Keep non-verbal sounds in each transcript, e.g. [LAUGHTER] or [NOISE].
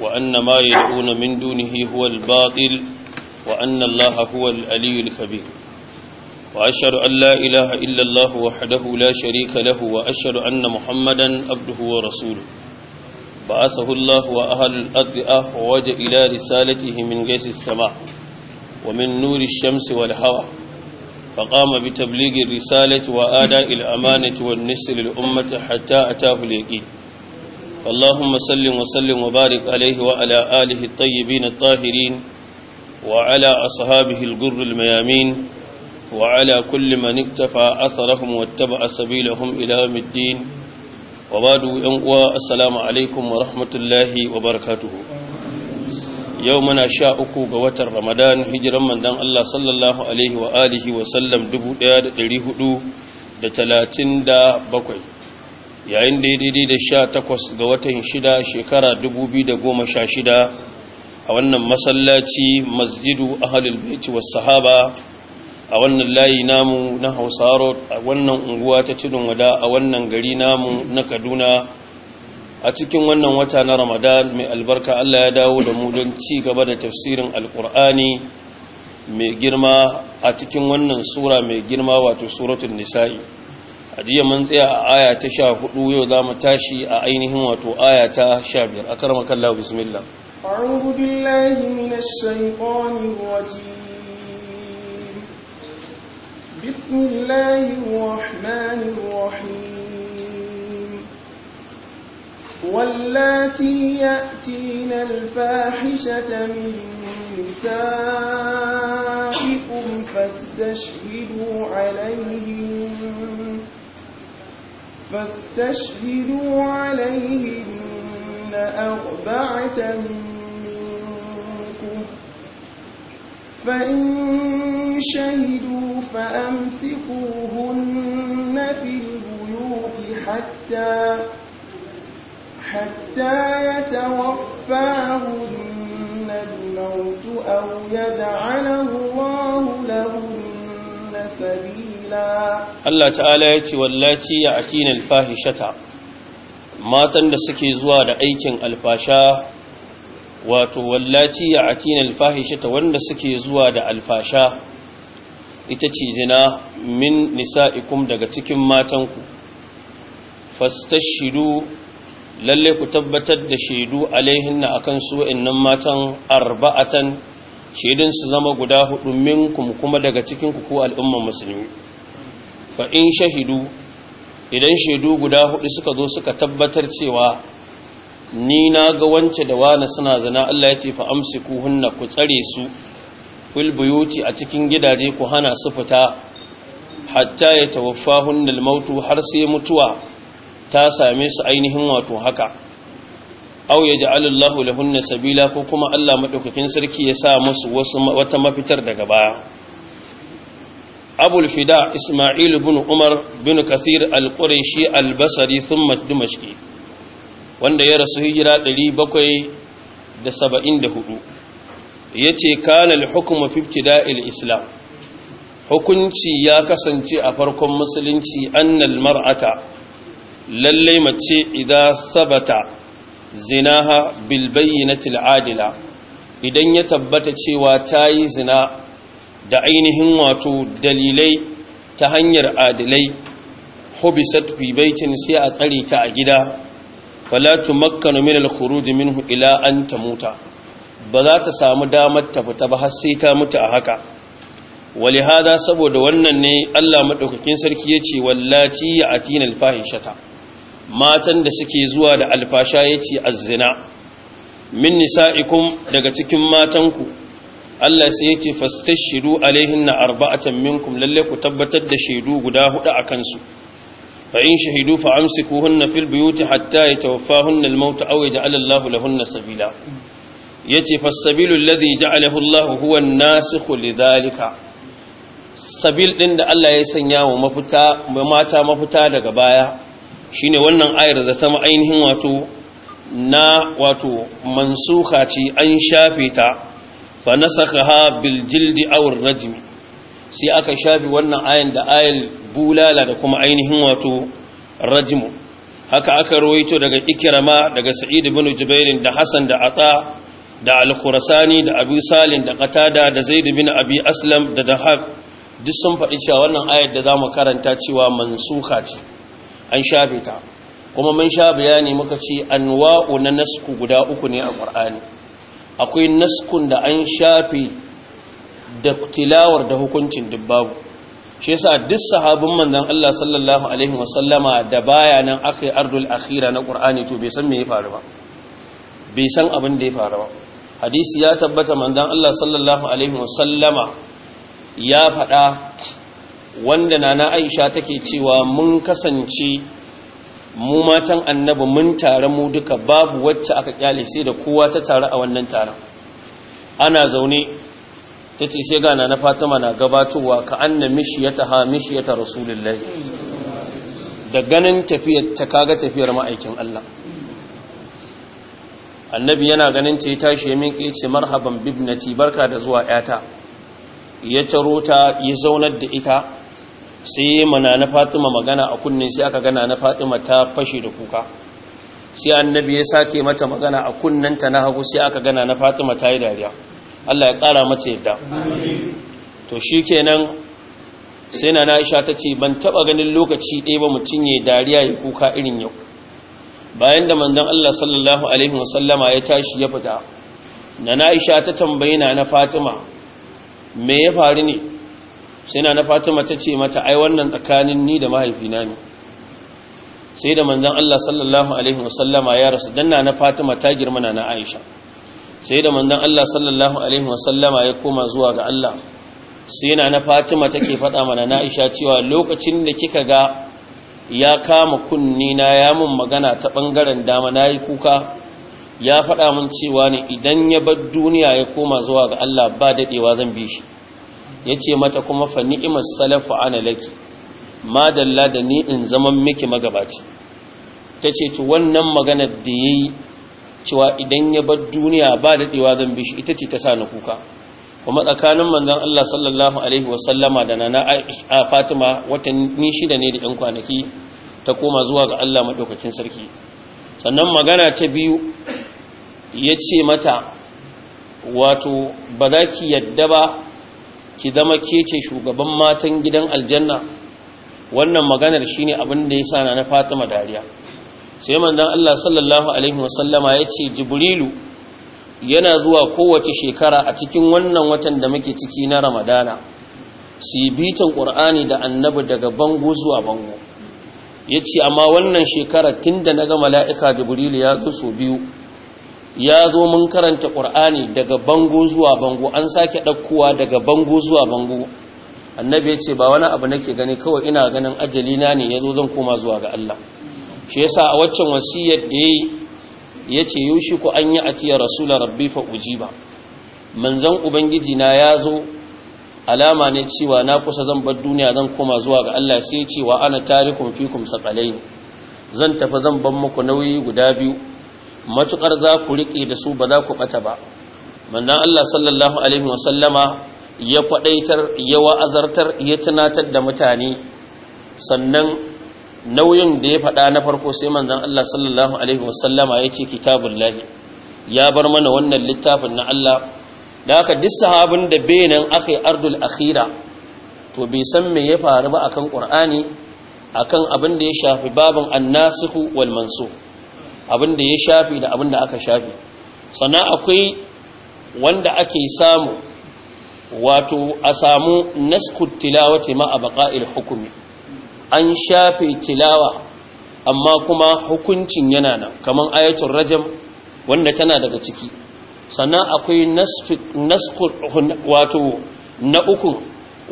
وأن ما يدعون من دونه هو الباطل وأن الله هو الألي الكبير وأشهد أن لا إله إلا الله وحده لا شريك له وأشهد أن محمدا عبده ورسوله بعثه الله وأهل الأرض أحوج إلى رسالته من غيث السماء ومن نور الشمس والهواء فقام بتبليغ الرسالة وآداء الأمانة والنسل للأمة حتى أتاه اليقين اللهم سلم وسلم وبارك عليه وعلى آله الطيبين الطاهرين وعلى أصحابه الجر الميامين وعلى كل من اكتفى أثرهم واتبع سبيلهم إلى يوم الدين وبعد ينقوى السلام عليكم ورحمة الله وبركاته يومنا شاءكو قوات رمضان هجرا من دان الله صلى الله عليه وآله وسلم دبو داد دريه دو دتلاتين دا بكوي yayin da daidai da sha takwas ga watan shida shekara dubu biyu da goma sha shida a wannan masallaci masjidu ahalul baiti wa sahaba a wannan layi namu na hausaro a wannan unguwa ta tudun wada a wannan gari namu na kaduna a cikin wannan wata na ramadan mai albarka allah ya dawo da mu don ci gaba da tafsirin alkur'ani mai girma a cikin wannan sura mai girma wato suratun nisa'i ajiya mun tsaya a aya ta sha hudu yau za mu tashi a ainihin wato aya ta sha biyar a karama kallahu bismillah أعوذ بالله من الشيطان الرجيم بسم الله الرحمن الرحيم واللاتي يأتين الفاحشة من نسائكم فاستشهدوا عليهن فاستشهدوا عليهن أربعة منكم فإن شهدوا فأمسكوهن في البيوت حتى حتى يتوفاهن الموت أو يجعل الله لهن سبيلا Allah ta'ala ya ce wallaci ya atina alfahishata matan da suke zuwa da aikin alfasha wato wallaci ya atina alfahishata wanda suke zuwa da alfasha ita ce zina min nisa'ikum daga cikin matanku fastashidu lalle ku tabbatar da shaidu alaihinna akan su wa'annan matan arba'atan shaidun su zama guda hudu minkum kuma daga cikin ku ko al'umman musulmi fa in shahidu idan shaidu guda hudu suka zo suka tabbatar cewa ni na ga wance da wani suna zana Allah ya ce fa amsiku hunna ku tsare su fil buyuti a cikin gidaje ku hana su fita hatta ya hunna al mautu har sai mutuwa ta same su ainihin wato haka aw ja'alullahu Allahu lahunna sabila ko kuma Allah madaukakin sarki ya sa musu wasu wata mafitar daga baya أبو الفداء bin بن عمر بن كثير albasari البصري ثم الدمشقي wanda ya rasu hijira 774 ya Yace kanal hukuma fiftida'il islam hukunci ya kasance a farkon musulunci annal mar'ata lallai mace idan sabata zinaha bilbayyinatil adila idan ya tabbata cewa ta yi zina da ainihin wato dalilai ta hanyar adilai hubisat fi baitin sai a tsare ta a gida Falatu tumakkanu min al-khuruj minhu ila an tamuta ba za ta samu damar ta fita ba har sai ta mutu a haka hada saboda wannan ne Allah madaukakin sarki yace wallati ya'tina al-fahishata matan da suke zuwa da alfasha yace az-zina min nisa'ikum daga cikin matanku Allah sai yace fastashiru na arba'atan minkum lalle ku tabbatar da shaidu guda hudu a kansu. fa in shahidu fa amsikuhunna fil buyuti hatta yatawaffahunna al maut aw yaj'ala Allah lahunna sabila yace fasabilu alladhi ja'alahu Allah huwa an-nasikhu lidhalika sabil din da Allah ya sanya wa mata mafita daga baya shine wannan ayar da ta ainihin wato na wato mansuka ce an shafe ta fa nasakha bil jildi aw rajm sai aka shafi wannan ayan da ayal bulala da kuma ainihin wato rajm haka aka rawaito daga ikrama daga sa'id ibn jubair da hasan da ata da al-qurasani da abu salim da qatada da zaid ibn abi aslam da dahab duk sun faɗi cewa wannan ayar da zamu karanta cewa mansuha ce an shafe ta kuma mun sha bayani muka ce anwa'u na nasku guda uku ne a qur'ani akwai naskun da an shafe da tilawar da hukuncin dubbabu shi yasa duk sahabin manzon Allah sallallahu alaihi wasallama da baya nan akai ardul akhira na qur'ani to bai san me ya faru ba bai san abin da ya faru ba hadisi ya tabbata manzon Allah sallallahu alaihi wasallama ya faɗa wanda nana Aisha take cewa mun kasance mu matan annabi mun tare mu duka babu wacce aka kyale sai da kowa ta tare a wannan taron ana zaune ta ce sai gana na fatima na gabatowa ka anna mishiyata ha mishiyata rasulullahi da ganin tafiyar ta kaga tafiyar ma'aikin Allah annabi yana ganin ce tashi ya min ce marhaban bibnati barka da zuwa yata ya taro ta ya zaunar da ita sai mana na fatima magana a kunne sai aka gana na fatima ta fashe da kuka sai annabi ya sake mata magana a kunnanta na hagu sai aka gana na fatima ta yi dariya allah ya kara mata yadda to shi kenan sai na na'isha ta ce ban taba ganin lokaci ɗaya ba mutum ya dariya ya kuka irin yau bayan da manzon allah sallallahu alaihi wasallama ya tashi ya fita na na'isha ta tambayi na fatima me ya faru ne sai na fatima ta ce mata ai wannan tsakanin ni da mahaifina ne sai da manzan Allah sallallahu alaihi wasallama ya rasu dan na fatima ta girma na Aisha sai da manzan Allah sallallahu alaihi wasallama ya koma zuwa ga Allah sai na fatima ke faɗa mana na Aisha cewa lokacin da kika ga ya kama kunni na ya mun magana ta bangaren dama na yi kuka ya faɗa mun cewa ne idan ya bar duniya ya koma zuwa ga Allah ba daɗewa zan bi shi Ya ce mata kuma fa ni'imar salafu ana laki ma da ni in zaman miki magabaci ce ci wannan maganar da ya yi cewa idan ya bar duniya ba daɗewa zan bishi ita ce ta sa na kuka kuma tsakanin manzon Allah sallallahu alaihi wasallama da nana Fatima watanni shida ne da 'yan kwanaki ta koma zuwa ga Allah maɗaukakin sarki sannan magana ta biyu ya ce mata wato ba za ki yadda ba ki zama ke ce shugaban matan gidan aljanna wannan maganar shine abin da ya sa na Fatima dariya sai manzon Allah sallallahu alaihi wasallama yace jibrilu yana zuwa kowace shekara a cikin wannan watan da muke ciki na Ramadana su bitan Qur'ani da Annabi daga bango zuwa bango yace amma wannan shekara tunda naga mala'ika jibrilu ya zo so biyu ya zo mun karanta ƙur'ani daga bango zuwa bango an sake ɗaukowa daga bango zuwa bango annabi ya ce ba wani abu nake gani kawai ina ganin ajalina ne ya zo zan koma zuwa ga Allah shi yasa a waccan wasiyar da ya ya ce yaushe ku an yi a atiya rasula rabbi fa uji ba manzon ubangiji na ya zo alama ne cewa na kusa zan bar duniya zan koma zuwa ga Allah sai ya ce wa ana tarikum fikum zan tafi zan ban muku nauyi guda biyu Matuƙar za ku riƙe da su ba za ku ɓata ba manzon Allah sallallahu alaihi wasallama ya kwaɗaitar ya wa'azartar ya tunatar da mutane sannan nauyin da ya faɗa na farko sai mannan Allah sallallahu alaihi wasallama ya ce kitabullahi ya bar mana wannan littafin na Allah da aka duk sahabin da benin aka yi ardul akhira to bai san me ya faru ba akan ƙur'ani akan abin da ya shafi babin annasihu wal mansu abin da ya shafi da abin da aka shafi sannan akwai wanda ake samu wato a samu naskut tilawa ma a baƙa'il hukumi an shafe tilawa amma kuma hukuncin yana nan kamar ayatul rajam wanda tana daga ciki sannan akwai naskut wato na uku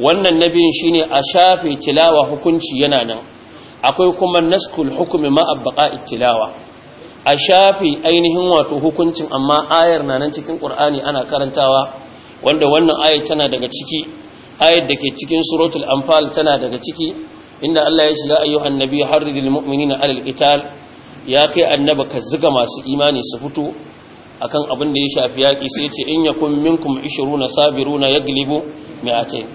wannan na biyun shine a shafe tilawa hukunci yana nan akwai kuma naskul hukumi ma a baƙa'il tilawa a shafe ainihin wato hukuncin amma ayar na nan cikin ƙur'ani ana karantawa wanda wannan ayar tana daga ciki ayar da ke cikin suratul anfal tana daga ciki inda Allah ya ce ya ayyuhan annabi harridil mu'minina alal qital ya kai annaba ka zuga masu imani su fito akan abin da ya shafi yaki sai ce in yakum minkum 20 sabiruna yaglibu mi'atayn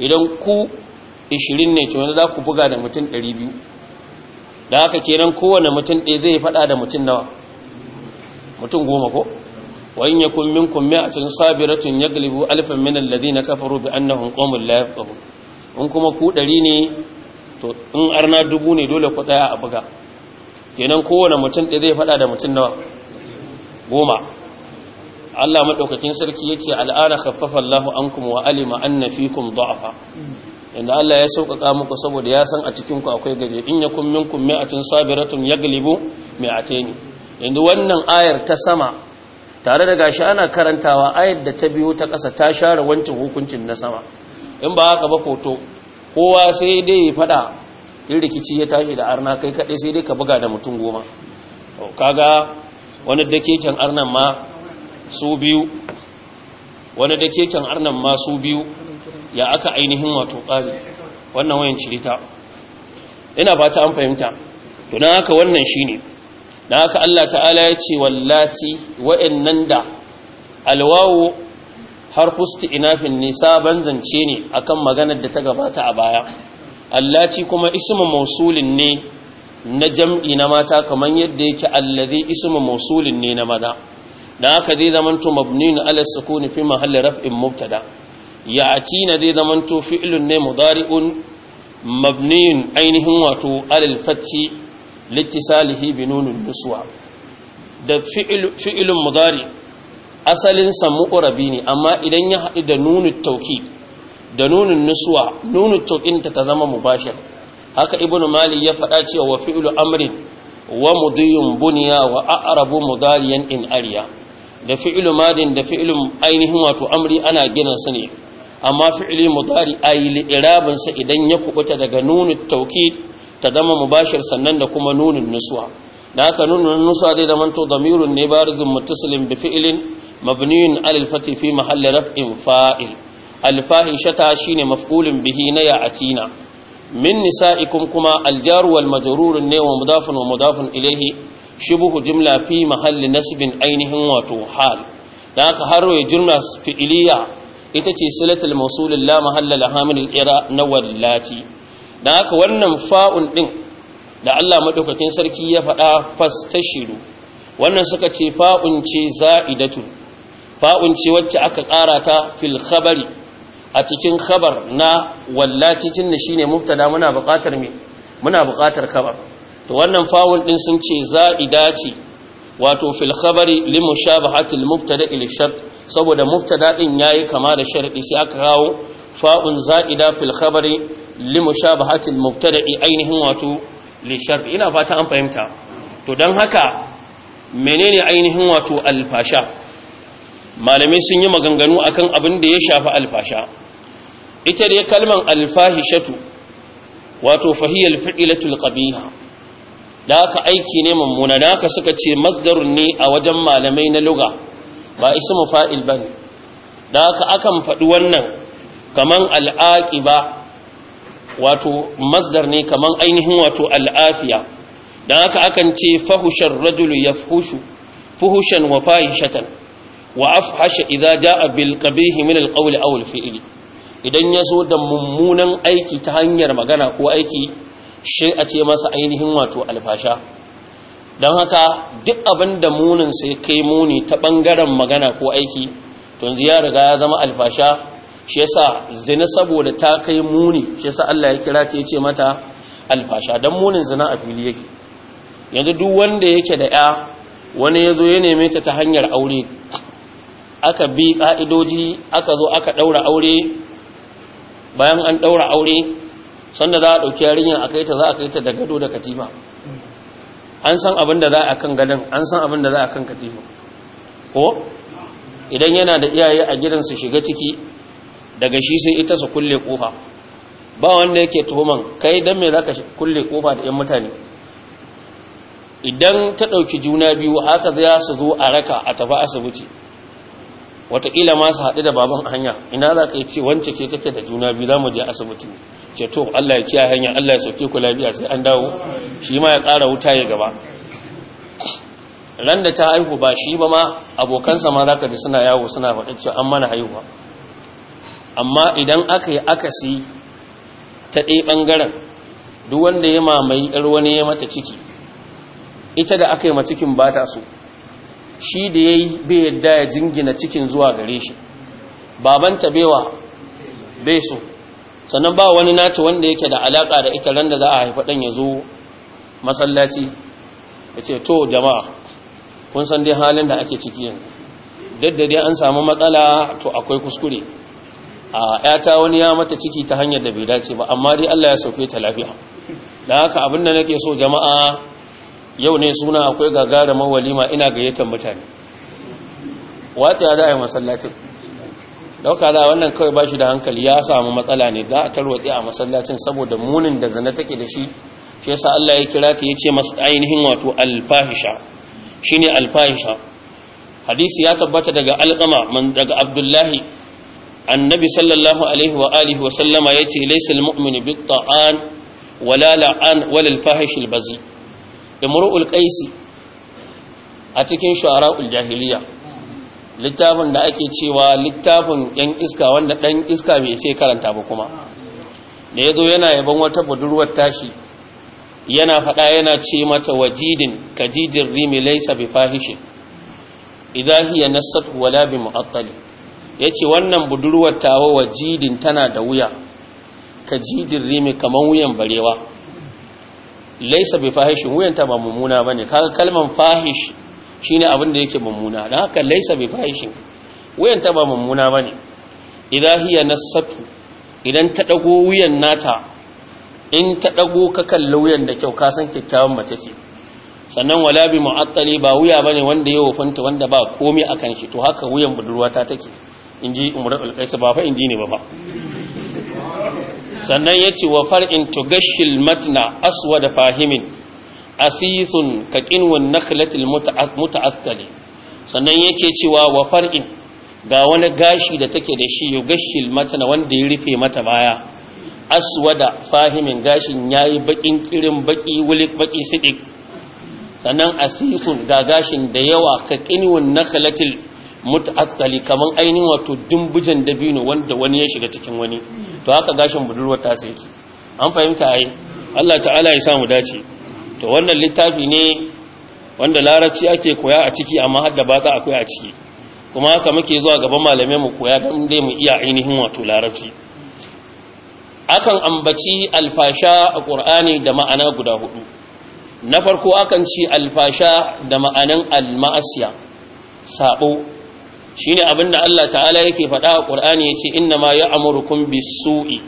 idan ku 20 ne to wanda za ku buga da mutum 200 da haka kenan kowane mutum ɗaya zai faɗa da mutum nawa mutum goma ko wani ya kun min kun cikin sabiratun ya galibu alifin minan lazi na kafaru bi annahun ƙomin la yafqahu in kuma ku ɗari ne to in arna dubu ne dole ku ɗaya a buga kenan kowane mutum ɗaya zai faɗa da mutum nawa goma Allah maɗaukakin sarki ya ce al'ana khaffafa Allahu ankum wa alima fi fikum za'afa inda Allah ya sauƙaƙa muku saboda ya san a cikinku akwai gaje in yakun minkum mi'atun sabiratun yaglibu mi'ataini inda wannan ayar ta sama tare da gashi ana karantawa ayar da ta biyo ta ƙasa ta share wancan hukuncin na sama in ba haka ba foto kowa sai dai ya faɗa in rikici ya tashi da arna kai kaɗai sai dai ka buga da mutum goma kaga wani da arnan ma wani da arnan ma su biyu ya aka ainihin wato ƙari wannan wayan cirita ina ba ta an fahimta to haka wannan shi ne Na haka Allah ta'ala ya ce wallaci wa'annan da alwawo har fusti inafin nisa banzance ne akan maganar da ta gabata a baya allaci kuma ismu mausulin ne na jam'i na mata kamar yadda yake allazi ismu mausulin ne na maza don haka zai zamanto mabnin ala sukuni fi mahalli raf'in mubtada' na zai zamanto fi'lun ne mudari'un mabniyun ainihin wato alal fatti littisalihi binunun nusuwa da fi'lun mudari asalin sa muqrabi ne amma idan ya haɗu da nunin tauki da nunin nusuwa nunin taukinta ta zama mubashir haka ibnu mali ya faɗa cewa wa fi'lu amrin wa mudiyun buniya wa a'rabu mudariyan in ariya da fi'lu madin da fi'lu ainihin wato amri ana gina su ne amma fi'ili mudari ayi li'irabin sa idan ya kubuta daga nunin tawkid ta zama mubashir sannan da kuma nunin nuswa da haka nunun nuswa dai da manto damirun ne barizun muttasilin bi fi'ilin mabniyun alal fati fi mahalli raf'in fa'il alfahishata shine mafulin bihi na ya'atina min nisa'ikum kuma aljar wal majrur ne wa mudafun wa mudafun ilayhi shibhu jumla fi mahalli nasbin ainihin wato hal da haka har jumla fi'iliya ita ce silatul mausulin la mahallala hamilin ira na wallaci da haka wannan fa'un ɗin da Allah maɗaukakin sarki ya faɗa shiru wannan suka ce fa'un ce za'idatu fa'un ce wacce aka ƙara ta fil khabari a cikin khabar na wallaci tun da shine mubtada muna buƙatar me muna buƙatar khabar to wannan fa'un ɗin sun ce za'ida wato fil khabari limushabahatil muftada ila saboda muftada din yayi kama da sharadi sai aka kawo fa'un za'ida fil khabari li mushabahatil mubtada'i ainihin wato li ina fata an fahimta to dan haka menene ainihin wato alfasha malamai sun yi maganganu akan abin da ya shafi alfasha ita da kalman alfahishatu wato fahiyal fi'ilatul qabiha da aka aiki ne mummuna da aka suka ce masdarun ne a wajen malamai na lugha ba ismu fa'il bane da haka akan faɗi wannan kaman ba wato masdar ne kaman ainihin wato al'afiya da haka akan ce fahushar rajulu yafhushu fuhushan wa fahishatan wa afhasha idza jaa bil qabih min al qawl aw al fi'l idan da mummunan aiki ta hanyar magana ko aiki shi a ce masa ainihin wato alfasha don haka duk abin da munin sai kai muni ta bangaren magana ko aiki tun ya riga ya zama alfasha shi yasa zina saboda ta kai muni shi yasa Allah ya kira ta yace mata alfasha dan munin zina a fili yake yanzu duk wanda yake da ya wani yazo ya neme ta ta hanyar aure aka bi ka'idoji aka zo aka daura aure bayan an daura aure sanda za a dauki yarinyar kai ta za a kai ta da gado da katifa an san abin da za a kan gadon an san abin da za a kan katifin ko idan yana da iyaye a gidan su shiga ciki daga shi sai ita su kulle kofa ba wanda yake tuhuman kai dan me zaka kulle kofa da 'yan mutane idan ta ɗauki juna biyu haka za su zo a raka a tafi asibiti wataƙila masu su haɗu da baban hanya ina za ka yi ce wance ce take da juna biyu za mu je asibiti ce to Allah ya kiyaye hanya Allah ya sauke ku lafiya sai an dawo shi ma ya ƙara wuta ya gaba ran da ta haihu ba shi ba ma abokansa ma zaka ji suna yawo suna faɗa cewa an mana haihuwa amma idan aka yi akasi ta ɗaya ɓangaren duk wanda ya mamaye 'yar wani ya mata ciki ita da aka yi ma cikin ba ta so shi da ya yi bai yadda ya jingina cikin zuwa gare shi babanta baiwa bai so sannan ba wani naci wanda yake da alaka da ita ran da za a haifa ɗan ya zo masallaci ya ce to jama'a kun san dai halin da ake ciki yanzu duk an samu matsala to akwai kuskure a yata wani ya mata ciki ta hanyar da bai dace ba amma dai Allah ya sauke ta lafiya da haka abin da nake so jama'a yau ne suna akwai gagarumar walima ina gayyatar mutane wata ya da a yi masallacin dauka da wannan kawai ba shi da hankali ya samu matsala ne za a tarwatsi a masallacin saboda munin da zana take da shi shi yasa Allah ya kira ta yace masa ainihin wato alfahisha shine alfahisha hadisi ya tabbata daga alqama man daga abdullahi annabi sallallahu alaihi wa alihi wa sallama yace laysa almu'minu bit-ta'an wala la'an wala al-fahish al-bazi imru'ul qais a cikin shu'ara'ul jahiliya littafin da ake cewa littafin yan iska wanda dan iska bai sai karanta ba kuma da ya zo yana yaban wata budurwar tashi yana faɗa yana ce mata wajidin kajidin rimi laysa bi fahishin idza hiya nasat wala bi mu'attali yace wannan budurwar tawa wajidin tana da wuya kajidin rimi kaman wuyan barewa laysa bi fahishin wuyan ta ba mumuna bane kaga kalman fahish shine abin da yake mummuna da haka Laisa bi fahishin wuyan ta ba mummuna ne idan na sattu idan ta ɗago wuyan nata in ta ɗago ka kalle wuyan da kyau kasan san mace ce sannan wala bi mu'attali ba wuya ba ne wanda ya wofanta wanda ba komai kan shi to haka wuyan budurwa ta take ji umratul qais ba fa ji ne ba fa sannan ya ce wa far'in tugashil matna aswada fahimin asisun ka kinwan nakhlatil muta'askali sannan yake cewa wa far'in ga wani gashi da take da shi yugashil na wanda ya rufe mata baya aswada fahimin gashin yayi bakin kirin baki wuli baki sidik sannan asisun ga gashin da yawa ka kinwan nakhlatil muta'askali kaman ainihin wato dumbujan dabino wanda wani ya shiga cikin wani to haka gashin budurwar ta sai an fahimta ai Allah ta'ala ya samu dace to wannan littafi ne wanda larabci ake koya a ciki amma har da ba za a koya a ciki kuma haka muke zuwa gaban malamai mu koya don dai mu iya ainihin wato larabci akan ambaci alfasha a ƙur'ani da ma'ana guda hudu na farko akan ci alfasha da ma'anan almasiya sabo shine abinda Allah ta'ala yake faɗa a ƙur'ani yace inna ma ya'murukum bis-su'i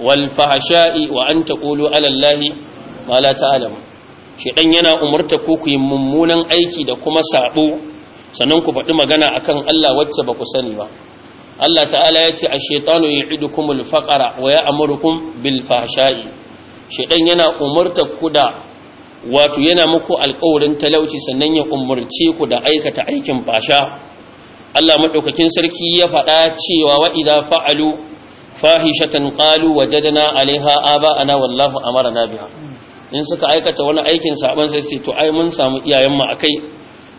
wal fahsha'i wa an taqulu 'ala Allahi ma la ta'lamu shedan yana umarta ku ku yi mummunan aiki da kuma sabo sannan ku faɗi magana a kan Allah wacce ba ku sani ba Allah ta'ala ya ce a ya idu kuma faqra wa ya bil bilfashayi shedan yana umarta ku da wato yana muku alƙawarin talauci sannan ya umarce ku da aikata aikin fasha Allah maɗaukakin sarki ya faɗa cewa wa idza fa'alu fahishatan qalu wajadna 'alaiha aba'ana wallahu amarna biha in suka aikata wani aikin sabon sai su to ai mun samu iyayen mu akai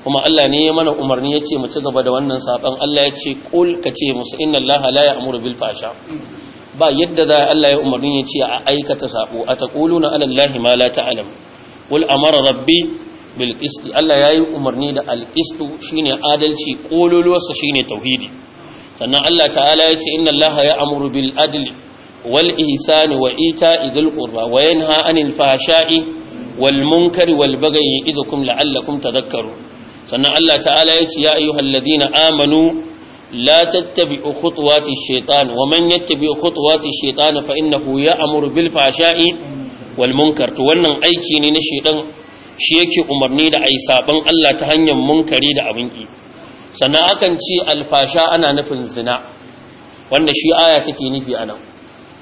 kuma Allah ne ya mana umarni ya ce mu ci gaba da wannan saban Allah ya ce kul ka ce musu inna Allah la ya'muru bil fasha ba yadda za Allah ya umarni ya ce a aikata sabo a taquluna ala Allah ma la ta'lam qul amara rabbi bil qist Allah yi umarni da al qist shine adalci kololuwarsa shine tauhidi sannan Allah ta'ala ya ce inna Allah ya'muru bil adli wal ihsani wa ita'i dhil qurba wa yanha 'anil fahsha'i wal munkari wal bagyi idukum la'allakum tadhakkarun sannan Allah ta'ala ya ce ya ayyuhalladhina amanu la tattabi'u khutuwati ash-shaytan wa man yattabi'u khutuwati ash-shaytan fa innahu ya'muru bil fahsha'i wal munkar wannan aiki ne na shedan shi yake umarni da ai saban Allah ta hanyar munkari da abin ki sannan akan ce alfasha ana nufin zina wanda shi aya take nufi a nan.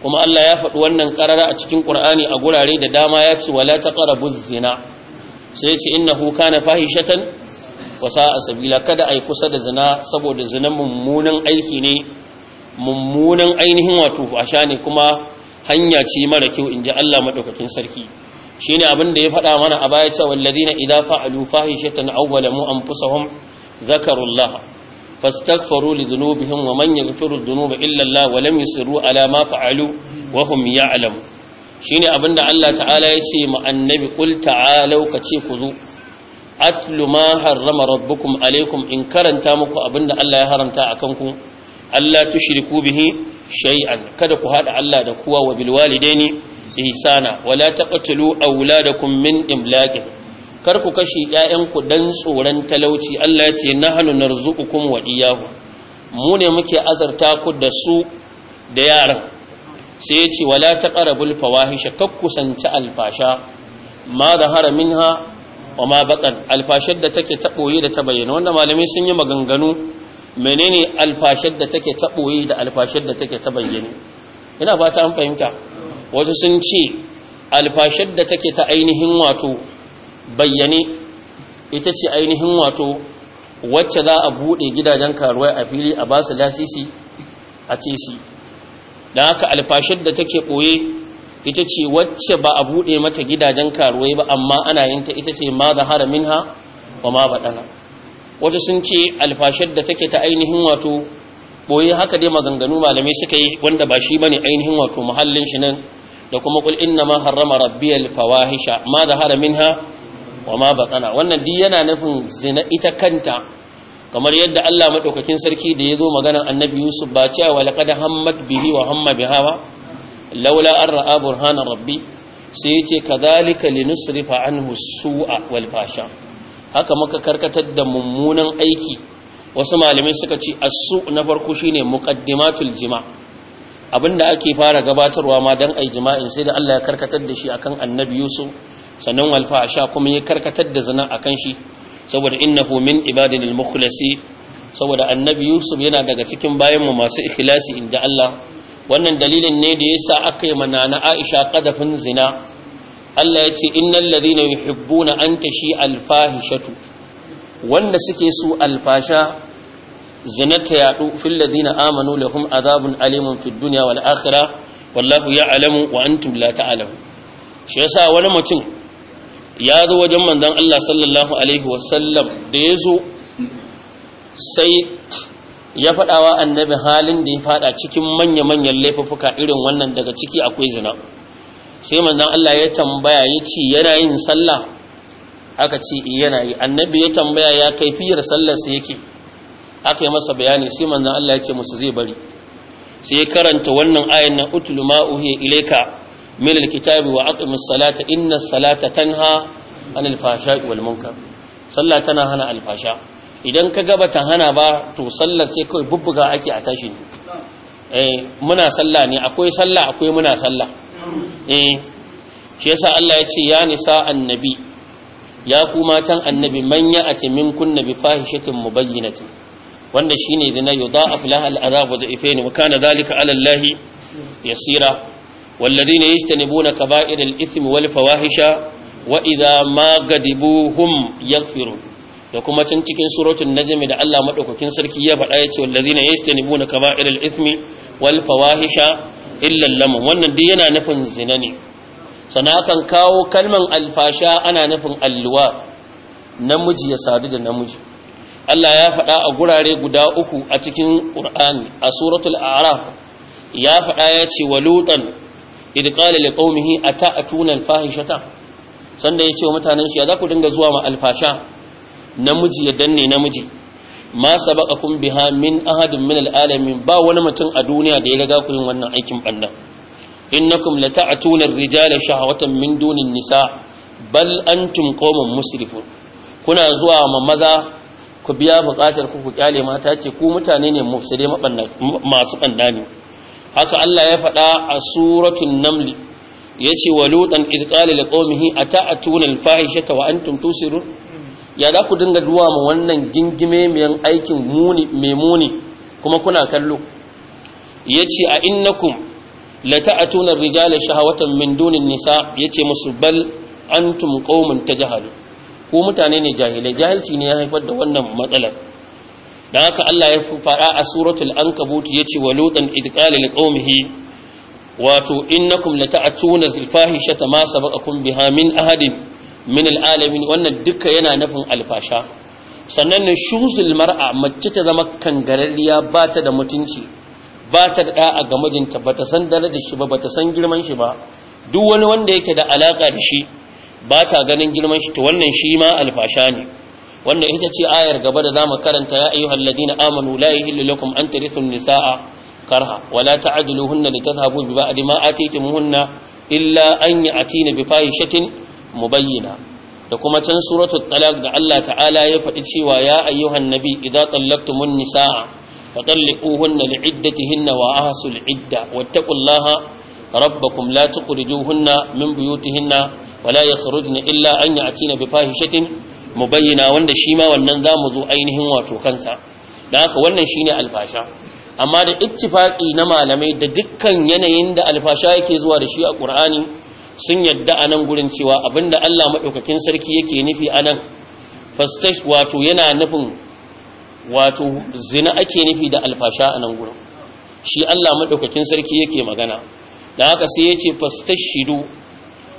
kuma Allah ya faɗi wannan ƙarara a cikin ƙur'ani a gurare da dama ya ci wala taqrabu zina sai ya huka na kana fahishatan wa a sabila kada a yi kusa da zina saboda zina mummunan aiki ne mummunan ainihin wato fasha ne kuma hanya ce mara kyau inji Allah madaukakin sarki Shi ne abin da ya faɗa mana a baya cewa walladina idza fa'alu fahishatan awwalamu anfusahum zakarullah fastaghfiru li dhunubihim wa man yaghfiru dhunuba illa Allah wa lam yusiru ala ma fa'alu wa hum ya'lamu shine abinda Allah ta'ala ya ce ma annabi qul ta'alu ka ce ku zo atlu ma harrama rabbukum alaikum in karanta maku abinda Allah ya haramta akan ku Allah tushriku bihi shay'an kada ku haɗa Allah da kuwa wa bil walidaini ihsana wala taqtulu da min imlaqin kar ku kashe ƴaƴanku dan tsoron talauci Allah ya ce nahnu narzuqukum wa iyyahum mu ne muke azarta ku da su da yaran sai ya ce wala taqrabul fawahisha kusanci alfasha ma zahara minha wa ma baqan alfashar da take ta boye da ta bayyana wannan malamai sun yi maganganu menene alfashar da take ta boye da alfashar da take ta bayyana ina fata an fahimta wasu sun ce alfashar da take ta ainihin wato bayyane ita ce ainihin wato wacce za a buɗe gidajen karuwa a fili a ba lasisi a shi don haka alfashin da take ɓoye ita ce wacce ba a buɗe mata gidajen karuwai ba amma ana yin ta ita ce ma da haramin ha ba ma baɗana wata sun ce alfashin da take ta ainihin wato ɓoye haka dai maganganu malamai suka yi wanda ba shi ba ne ainihin wato muhallin shi nan da kuma kul inna ma harrama rabbiyal fawahisha ma da haramin ha wa ma batsana wannan duk yana nufin zina ita kanta kamar yadda Allah madaukakin sarki da yazo maganar annabi Yusuf ba cewa laqad hammat bihi wa hamma biha wa laula an ra'a burhana rabbi sai yace kadhalika linusrifa anhu su'a wal fasha haka muka karkatar da mummunan aiki wasu malamai suka ce asu na farko shine muqaddimatul jima abinda ake fara gabatarwa ma dan ai jima'in sai da Allah ya karkatar da shi akan annabi Yusuf sannan wal kuma ya karkatar da zina akan shi saboda innahu min ibadinil mukhlasi saboda annabi yusuf yana daga cikin bayan mu masu ikhlasi inda Allah wannan dalilin ne da yasa aka yi manana Aisha kadafin zina Allah ya ce innal ladhina yuhibbuna an tashi al fahishatu wanda suke su al fasha zina ta yadu fil ladina amanu lahum azabin alimun fid dunya wal akhirah wallahu ya'lamu wa antum la ta'lamun shi yasa wani mutum ya zo wajen manzan Allah sallallahu alaihi wasallam da ya zo sai ya faɗawa annabi halin da ya faɗa cikin manya-manyan laifuka irin wannan daga ciki akwai zina sai manzan Allah ya tambaya ya ce yana yin sallah aka ce eh, yana yi annabi ya tambaya ya kai, fiyar sallarsa yake aka yi masa bayani sai manzan Allah ya ce musu zai bari sai ya karanta wannan ayin na utlu ya ilaika min alkitabi wa aqimis salata inna salata tanha anil fahsha'i wal munkar sallah tana hana alfasha idan ka gaba ta hana ba to sallar sai kawai bubbuga ake a tashi eh muna sallah ne akwai sallah akwai muna sallah eh shi yasa Allah ya ce ya nisa annabi ya ku matan annabi man ya ati kunna bi fahishatin mubayyinatin wanda shine zina yudha'af laha al'azab wa dha'ifaini wa kana dhalika 'ala Allah yasira والذين يجتنبون كبائر الإثم والفواحش وإذا ما غضبوهم يغفرون da kuma can cikin suratul najm da Allah madaukakin sarki ya faɗa yace wallazina yastanibuna kaba'ir al-ithmi wal fawahisha illa lam wannan duk yana nufin zina ne sanakan kawo kalman alfasha ana nufin alluwa namiji ya sadu da namiji Allah ya faɗa a gurare guda uku a cikin Qur'ani a suratul a'raf ya faɗa yace walutan idh qala liqaumihi ata'atuna fahishata sanda yace wa mutanen shi ya za ku dinga zuwa ma alfasha namiji ya danne namiji ma sabaqakum biha min ahadin min al-alamin ba wani mutum a duniya da ya riga ku yin wannan aikin bandan innakum lata'atuna ar-rijala shahwatan min an nisa bal antum qaumun musrifun kuna zuwa ma maza ku biya bukatar ku ku kyale mata ce ku mutane ne mufside masu banda haka Allah ya faɗa a suratun namli ya ce wa lutan idkali da ƙomihi a tunan fahishata wa an tumtusirun ya za ku dinga duwa ma wannan gingime mai aikin muni mai muni kuma kuna kallo ya ce a innakum la tunan rijalar shahawatan min dunin nisa ya ce musu bal an tum ƙomin ta jahalu ko mutane ne jahilai jahilci ne ya haifar da wannan matsalar Da haka Allah ya fara a suratul ankabut yace wa lutan id liqaumihi wato innakum lata'tuna zulfahishata ma sabaqakum biha min ahadin min alalamin wannan duka yana nufin alfasha sannan ne shuzul mar'a mace ta zama garariya ba ta da mutunci ba ta da da'a ga mijinta ba ta san darajar shi ba ba ta san girman shi ba duk wani wanda yake da alaka da shi ba ta ganin girman shi to wannan shi ma alfasha ne wannan ita ce ayar gaba da zamu karanta ya ayyuhal ladina amanu la yahillu lakum an tarithu nisaa karha wala la ta'diluhunna litadhhabu bi ba'di ma atitumuhunna illa an ya'tina bi fahishatin mubayyina da kuma can suratul talaq da Allah ta'ala ya faɗi cewa ya ayyuhan nabi idza tallaqtumun nisaa fatalliquhunna li'iddatihinna wa ahsul idda wattaqullaha ربكم min تخرجوهن من بيوتهن illa يخرجن إلا أن يأتين بفاحشة mubayyana wanda shi ma wannan za mu zo ainihin wato kansa da haka wannan shi ne alfasha amma da ittifaƙi na malamai da dukkan yanayin da alfasha yake zuwa da shi a ƙur'ani sun yadda a nan gurin cewa abinda Allah maɗaukakin sarki yake nufi a nan fastash wato yana nufin wato zina ake nufi da alfasha a nan gurin shi Allah maɗaukakin sarki yake magana da haka sai yace shidu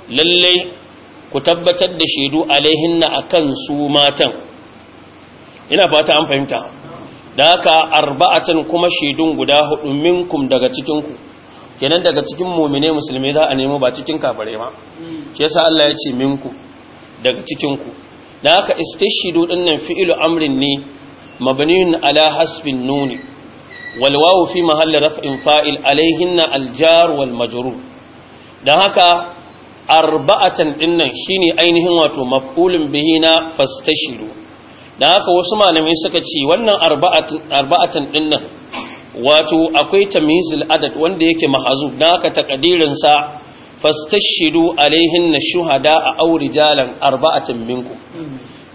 lallai ku tabbatar da shaidu alaihinna akan su matan ina fata an fahimta da haka arba'atan kuma shaidun guda hudu minkum daga cikin ku kenan daga cikin mu'mine musulmi za a nemo ba cikin kafare ma shi yasa Allah ya ce minku daga cikin ku da haka istashidu dinnan fi'ilu amrin ne mabniyun ala hasbin nuni fi في محل fa'il فاعل عليهن wal majrur dan haka arba'atan dinnan shine ainihin wato maf'ulun bihi na fastashiru dan haka wasu malamai suka ce wannan arba'atan arba'atan dinnan wato akwai tamyizul adad wanda yake mahazu dan haka taqdirin sa fastashiru alaihin na shuhada a aurijalan arba'atan minku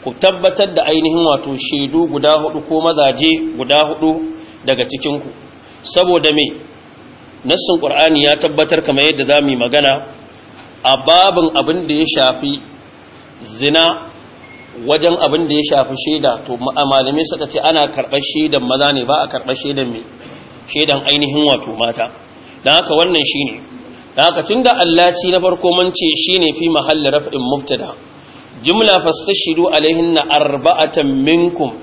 ku tabbatar da ainihin wato shaidu guda hudu ko mazaje guda hudu daga cikinku saboda me nassin qur'ani ya tabbatar kamar yadda zamu magana a babin abin da ya shafi zina wajen abin da ya shafi shaida to malamai suka ce ana karɓar shaidan maza ne ba a karɓar shaidan mai shaidan ainihin wato mata don haka wannan shi ne. da haka tun da allaci na farko mance shi ne fi mahalli raf'in mubtada jumla alaihin na arba'atan minkum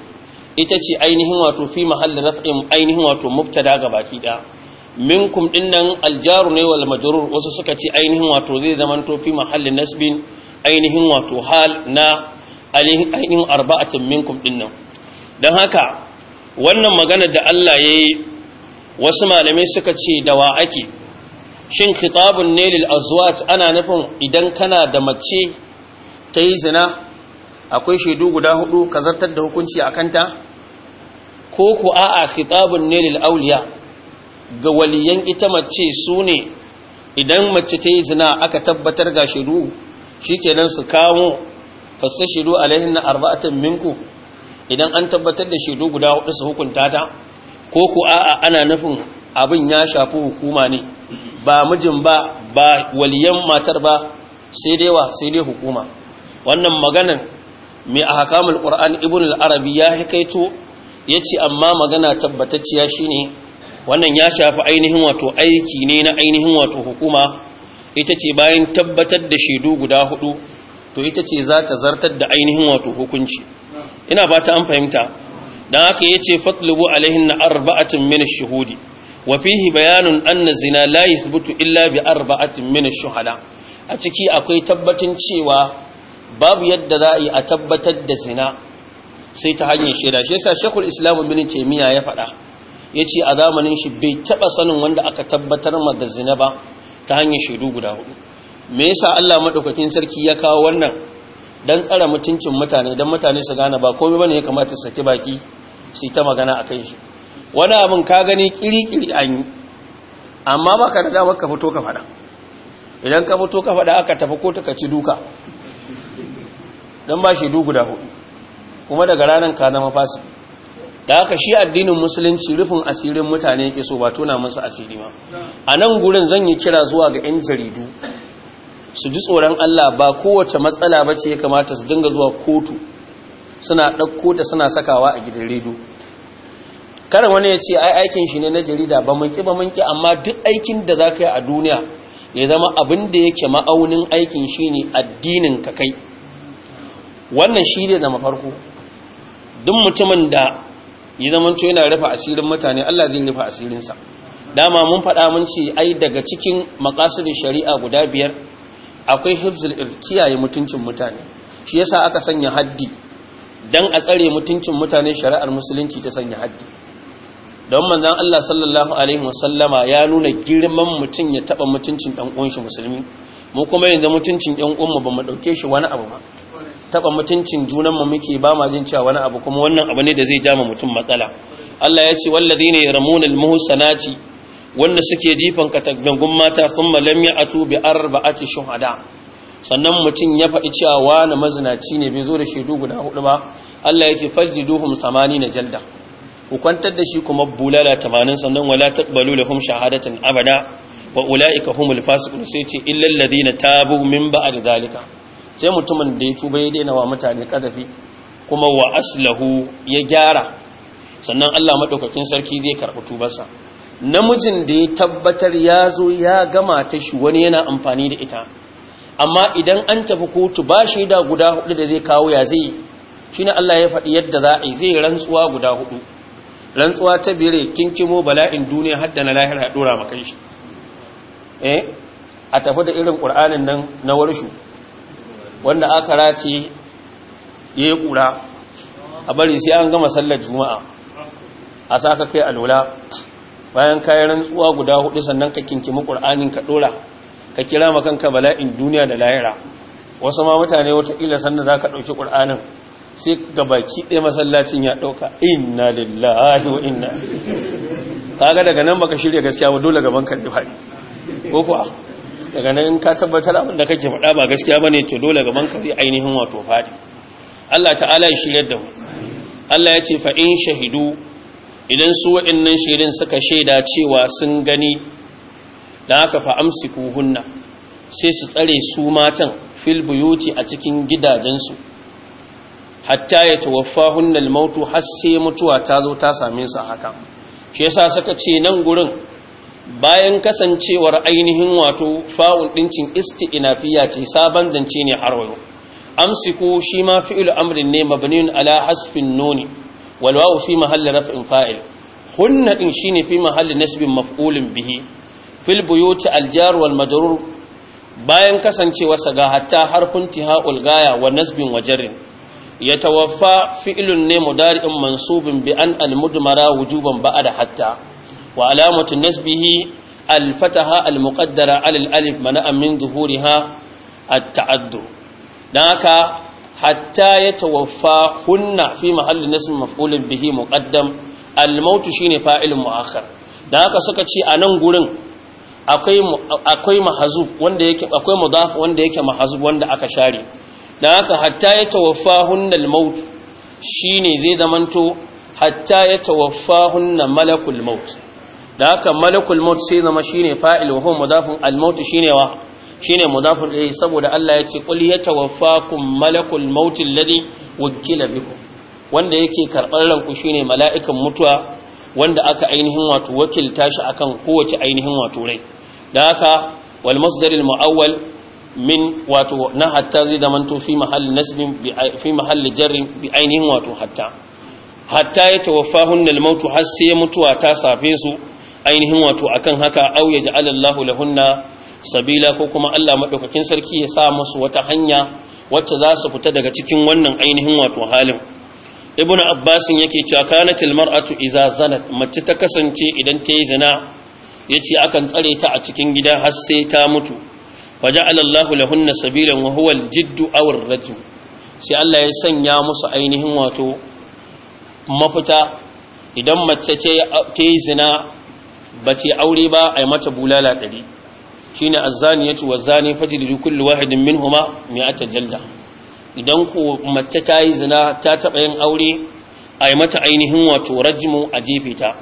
ita ce ainihin wato fi mahalli raf'in ainihin wato mubtada ga baki ɗaya minkum dinnan aljaru ne wal majrur wasu suka ce ainihin wato zai zaman to fi mahallin nasbin ainihin wato hal na ainihin arba'atin minkum dinnan dan haka wannan magana da Allah yayi wasu malamai suka ce da wa ake shin khitabun ne lil azwaj ana nufin idan kana da mace ta yi zina akwai shaidu guda hudu ka zartar da hukunci akanta ko ku a'a khitabun ne lil auliya ga waliyan ita mace su ne idan mace ta yi zina aka tabbatar ga shiru shi kenan su kamo fasta shiru alaihin na arba'atan minku idan an tabbatar da shiru guda hudu su hukunta ta ko ku a'a ana nufin abin ya shafi hukuma ne ba mijin ba ba waliyan matar ba sai dai wa sai dai hukuma wannan maganan mai a hakamul ƙur'an ibn al-arabi ya hikaito ya ce amma magana tabbatacciya shine wannan ya shafi ainihin wato aiki ne na ainihin wato hukuma ita ce bayan tabbatar da shaidu guda hudu to ita ce za ta zartar da ainihin wato hukunci ina ba ta an fahimta don haka ya ce fatlubu alaihin na arba'atin min shuhudi wa fihi bayanun anna zina la yasbutu illa bi arba'atin min shuhada a ciki akwai tabbatin cewa babu yadda za a yi a tabbatar da zina sai ta hanyar shaida shi yasa shekul islam ce taymiya ya faɗa ya ce a zamanin shi bai taɓa sanin wanda aka tabbatar ma da zina ba ta hanyar shaidu guda hudu me yasa Allah madaukakin sarki ya kawo wannan don tsara mutuncin mutane don mutane su gane ba komai bane ya kamata su saki baki su ta magana a kan shi wani abin ka gani kirikiri an yi amma baka da damar ka fito ka fada idan ka fito ka fada aka tafi ko ta ci duka Don ba shaidu guda hudu kuma daga ranar ka zama da aka shi addinin musulunci rufin asirin mutane ke so ba tona musu asiri ba a nan gurin zan yi kira zuwa ga 'yan jaridu su ji tsoron Allah ba kowace matsala ba ce ya kamata su dinga zuwa kotu suna ɗauko da suna sakawa a gidan redu karin wani ya ce ai aikin shi ne na jarida ba mun ba amma duk aikin da za ka yi a duniya ya zama abin da yake ma'aunin aikin shi ne addinin ka kai wannan shi ne na mafarko duk mutumin da yi zamanto yana rufe asirin mutane Allah zai rufe sa dama mun faɗa mun ce ai daga cikin maqasidin shari'a guda biyar akwai hifzul kiyaye mutuncin mutane shi yasa aka sanya haddi dan a tsare mutuncin mutane shari'ar musulunci ta sanya haddi don manzon Allah sallallahu alaihi wasallama ya nuna girman mutun ya taba mutuncin dan uwan shi musulmi mu kuma yanzu mutuncin yan uwan mu bamu dauke shi wani abu ba taba mutuncin junanmu muke ba ma jin cewa wani abu kuma wannan abu ne da zai jama mutum matsala Allah ya ce wallazina yarmuna almuhsanati wanda suke jifan katagangun mata thumma lam ya'tu bi arba'ati shuhada sannan mutum ya faɗi cewa wani mazinaci ne bai zo da shaidu guda hudu ba Allah ya ce fajjiduhum samani na jalda ku kwantar da shi kuma bulala 80 sannan wala taqbalu lahum shahadatan abada wa ulaika humul fasiqun sai ce illal ladina tabu min ba'd zalika sai mutumin da ya tuba ya daina wa mutane kadafi kuma wa aslahu ya gyara sannan Allah madaukakin sarki zai karɓi tubarsa namijin da ya tabbatar ya zo ya gama ta shi wani yana amfani da ita amma idan an tafi kotu ba da guda hudu da zai kawo ya zai shine Allah ya faɗi yadda za a yi zai rantsuwa guda hudu rantsuwa ta biyar kinkimo bala'in duniya da na lahira ya dora maka shi eh a tafi da irin qur'anin nan na warshu wanda aka race ya yi ƙura a bari sai an gama sallar juma'a a sa ka kai alwala bayan kayan rantsuwa guda hudu sannan ka kinkimi ƙur'anin ka ɗora ka kira ka bala'in duniya da layira wasu ma mutane watakila sannan za ka ɗauki ƙur'anin sai ga baki ɗaya masallacin ya ɗauka inna lillahi wa inna kaga daga nan baka shirya gaskiya ba dole gaban kan ko kuwa daga nan ka tabbatar abin da kake faɗa ba gaskiya bane to dole gaban ka zai ainihin wato faɗi Allah ta'ala ya shirye da mu Allah ya ce fa in shahidu idan su waɗannan shirin suka shaida cewa sun gani dan haka fa hunna sai su tsare su matan fil buyuti a cikin gidajensu hatta ya tawaffa hunnal mautu har sai mutuwa ta zo ta same su haka shi yasa suka ce nan gurin bayan kasancewar ainihin wato fa'ul ɗincin ina fiya ce sabon zance ne har amsiku shi ma fi'il amrin ne mabnin ala hasfin noni walwawu fi mahalli raf'in fa'il hunna shi ne fi mahalli nasibin maf'ulin bihi fil buyuti aljar wal majarur. bayan kasancewarsa ga hatta harfin tihaul gaya wa nasbin wajarin tawaffa fi'ilun ne mudari'un mansubin bi an al mudmara wujuban da hatta wa alamatu nasbihi alfataha almuqaddara alal alif mana min zuhuriha at-ta'addu dan haka hatta yatawaffa hunna fi mahalli nasb maf'ulin bihi muqaddam al-maut shine fa'ilun mu'akhkhar dan haka suka ce a nan gurin akwai akwai mahzub yake akwai mudaf wanda yake mahzub wanda aka share dan haka hatta yatawaffa hunna al-maut shine zai zamanto hatta hunna malakul maut da haka malakul maut sai zama shine fa'il wa huwa mudafun al maut shine wa shine mudafun ilayhi eh, saboda Allah ya ce qul yatawaffakum malakul maut alladhi wukila bikum wanda yake karban ranku shine mala'ikan mutuwa wanda aka ainihin wato wakilta shi akan kowace ainihin wato rai da haka wal masdar al muawwal min wato na hatta zai zamanto fi mahall nasbin fi mahall jarrin bi ainihin wato hatta hatta ya tawaffahun al maut har sai mutuwa ta safe su ainihin wato akan haka aw yaj'alallahu lahunna sabila ko kuma Allah madaukakin sarki ya sa musu wata hanya wacce za su fita daga cikin wannan ainihin wato halin ibnu abbas yake cewa kanatil mar'atu idza zanat mace ta kasance idan ta yi zina yace akan tsare ta a cikin gida har sai ta mutu waja'ala alallahu lahunna sabilan wa huwa al-jiddu aw ar sai Allah ya sanya musu ainihin wato mafita idan mace ce ta yi zina ba ce aure ba a yi mata bulala ɗari shi ne azzani ya ce wa zane fajilidu kullu wahidin min huma mai ata jalda idan ku mace ta yi zina ta taɓa yin aure a yi mata ainihin wato rajimu a jefe ta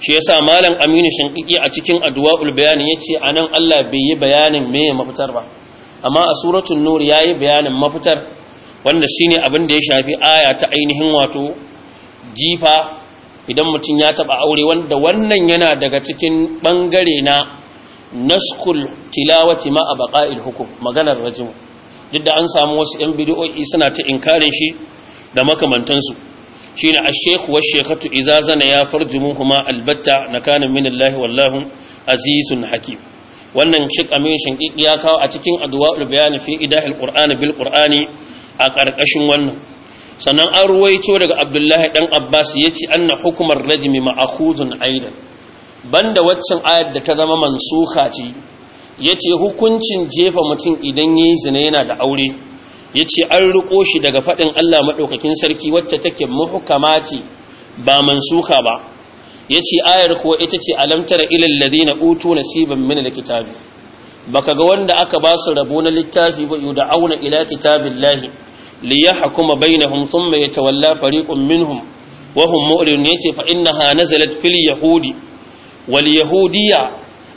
shi ya sa malam aminu shinkiki a cikin addu'a'ul bayanin ya ce a nan allah bai yi bayanin me mafitar ba amma a suratun nur ya yi bayanin mafitar wanda shine abin da ya shafi aya ta ainihin wato jifa idan mutum ya taba aure wanda wannan yana daga cikin bangare na naskul tilawati ma a baƙa'il hukum maganar rajim duk da an samu wasu 'yan bidiyoyi suna ta inkarin shi da makamantansu shi ne a shekhu wa shekatu iza zana ya farjumu kuma albatta na kanin minallahi wallahu azizun hakim wannan shik amin shinkiki ya kawo a cikin addu'a bayani fi idahil qur'ani bil qur'ani a ƙarƙashin wannan sannan an ruwaito daga abdullahi ɗan abbas ya ce an na hukumar rajimi ma'akhuzun aidan banda waccan ayar da ta zama mansuka ce ya ce hukuncin jefa mutum idan ya yi zina yana da aure ya ce an riko shi daga faɗin allah maɗaukakin sarki wacce take muhukama ce ba mansuka ba ya ce ayar kuwa ita ce alamtara ilal ladina utu nasiban min alkitabi baka ga wanda aka ba su rabo na littafi ba da auna ila kitabin lahi. liyahkuma bainahum thumma yatawalla fariqun minhum wa hum mu'ridun yace fa innaha nazalat fil yahudi wal yahudiyya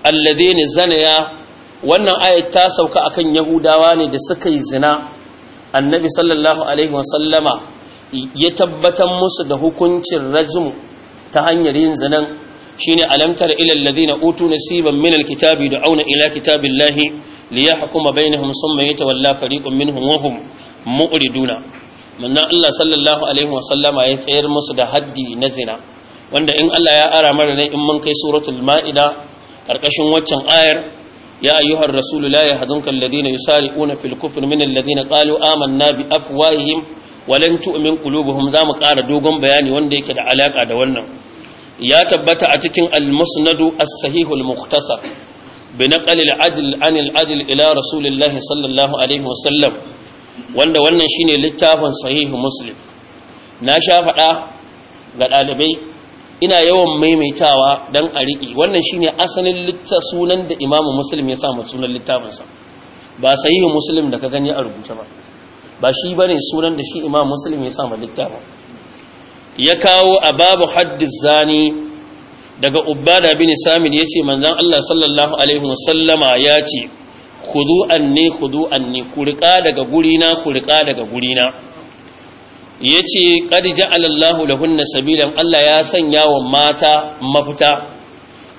alladhina zanaya wannan ayat ta sauka kan yahudawa ne da suka yi zina annabi sallallahu alaihi wasallama ya tabbatar musu da hukuncin rajmu ta hanyar yin zinan shine alamtar ila alladhina utu nasiban min kitabi da auna ila kitabillahi liyahkuma hum mu'riduna manzon Allah sallallahu alaihi wasallama ya tsayar musu da haddi na zina wanda in Allah ya ara mana ne in mun kai suratul ma'ida karkashin waccan ayar ya ayyuhar rasulu la yahzunka alladhina yusari'una fil kufr min alladhina qalu amanna bi afwahihim wa lam tu'min qulubuhum zamu ƙara dogon bayani wanda yake da alaka da wannan ya tabbata a cikin al-musnadu as-sahih al-mukhtasar bi naqli al-adl an ila rasulillahi sallallahu alaihi wanda wannan shine littafin sahihu muslim na sha faɗa ga ɗalibai ina yawan maimaitawa don a riƙe wannan shine asalin sunan da imamu muslim ya samu sunan littafinsa ba sahihu muslim da ka gani a rubuce ba ba shi ba ne sunan da shi imamu muslim ya samu littafin ya kawo a babu haddis zani daga ubbada bin samir ya ce manzan allah sallallahu alaihi wasallama ya ce Kudu'anne Kudu'anne khudu'an daga gurina kurika daga gurina yace qad ja'alallahu lahunna sabilan Allah ya sanya wa mata mafita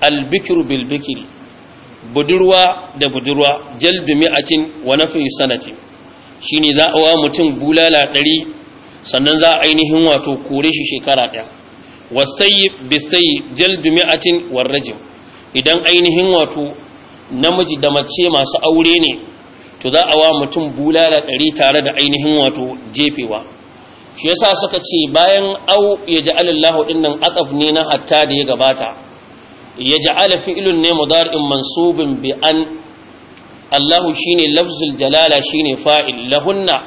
albikru bil budurwa da budurwa jalbi mi'atin wa nafi sanati shine za a wa mutum bulala ɗari sannan za a ainihin wato kore shi shekara ɗaya wasayyib bisayyib jalbi mi'atin warrajim idan ainihin wato namiji da mace masu aure ne to za a wa mutum bulala ɗari tare da ainihin wato jefewa shi yasa suka ce bayan au ya ji alallahu ɗinnan aƙaf ne na hatta da ya gabata ya ji alafi ilun ne mudari'in mansubin bi an allahu shine lafzul jalala shine fa'il lahunna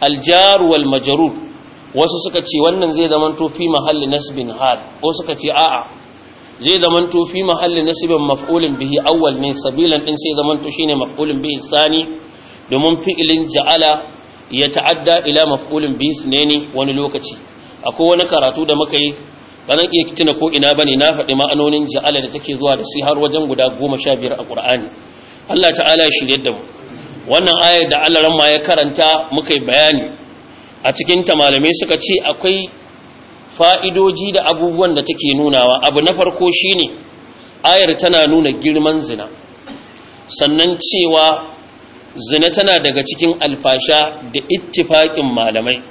aljaru wal wasu suka ce wannan zai zama to fi nasbin hal ko suka ce a'a zai zamanto fi mahallin nasibin maf'ulin bihi awwal ne sabilan din sai zamanto shine maf'ulin bihi sani domin fi'ilin ja'ala ya ta'adda ila maf'ulin bihi ne wani lokaci akwai wani karatu da muka yi ba zan iya tuna ko ina bane na faɗi ma'anonin ja'ala da take zuwa da si har wajen guda goma sha biyar a ƙur'ani Allah ta'ala ya shirye da mu wannan ayar da Allah ran ma ya karanta muka yi bayani a cikin ta malamai suka ce akwai fa'idoji da abubuwan da take nunawa abu na farko shi ne ayar tana nuna girman zina sannan cewa zina tana daga cikin alfasha da ittifaƙin malamai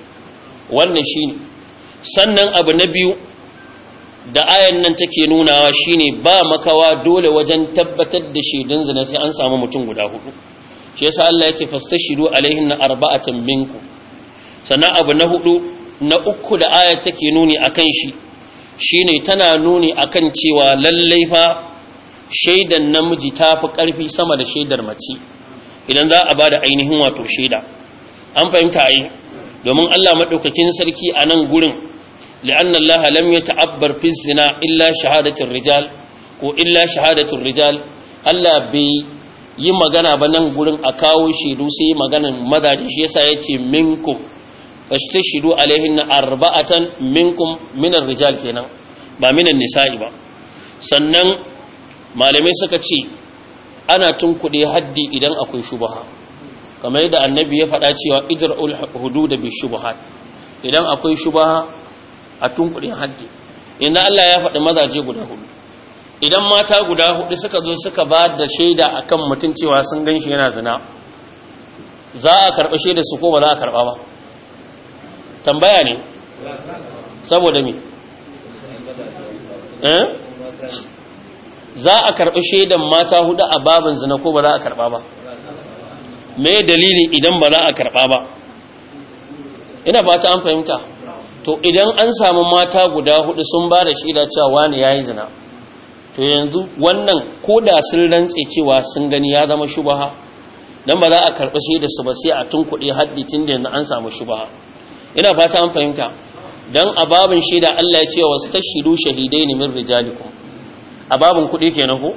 wannan shi ne. sannan abu na biyu da ayan nan take nunawa shi ne ba makawa dole wajen tabbatar da shaidun zina sai an samu mutum guda hudu shi yasa Allah ya ce alaihin na arba'atan minku sannan abu na hudu na uku da aya take nuni akan shi shine tana nuni akan cewa lallai fa shaidar namiji tafi fi ƙarfi sama da shaidar mace idan za a ba da ainihin wato shaida an fahimta a domin allah maɗaukakin sarki a nan gurin لأن الله لم ya ta'abbar الزنا إلا illa shahadatun rijal ko illa shahadatun rijal allah bai yi magana ba nan gurin a kawo shaidu sai shi yasa ya ce istashidu alaihinna arba'atan minkum minan rijal kenan ba minan nisa'i ba sannan malamai suka ce ana tunkuɗe haddi idan akwai shubaha kamar yadda annabi ya faɗa cewa idra'ul hudud bi shubahat idan akwai shubaha a tunkuɗe haddi inda Allah ya faɗi mazaje guda hudu idan mata guda hudu suka zo suka ba da shaida akan mutum cewa sun ganshi yana zina za a karɓi shaida su ko ba za a karɓa ba tambaya ne saboda me eh? za a karɓi shaidan mata hudu a babin zina ko ba za a karɓa ba me dalili idan ba za a karɓa ba ina ba ta an fahimta to idan an samu mata guda hudu sun ba da shaida cewa wani ya yi zina to yanzu wannan ko da sun rantse cewa sun gani ya zama shubaha don ba za a karɓi su ba sai a tun kuɗi haddi tun da yanzu an samu shubaha ina fata an fahimta dan a babin shaida Allah ya ce wastashidu shahidaini min rijalikum a babin kuɗi kenan ko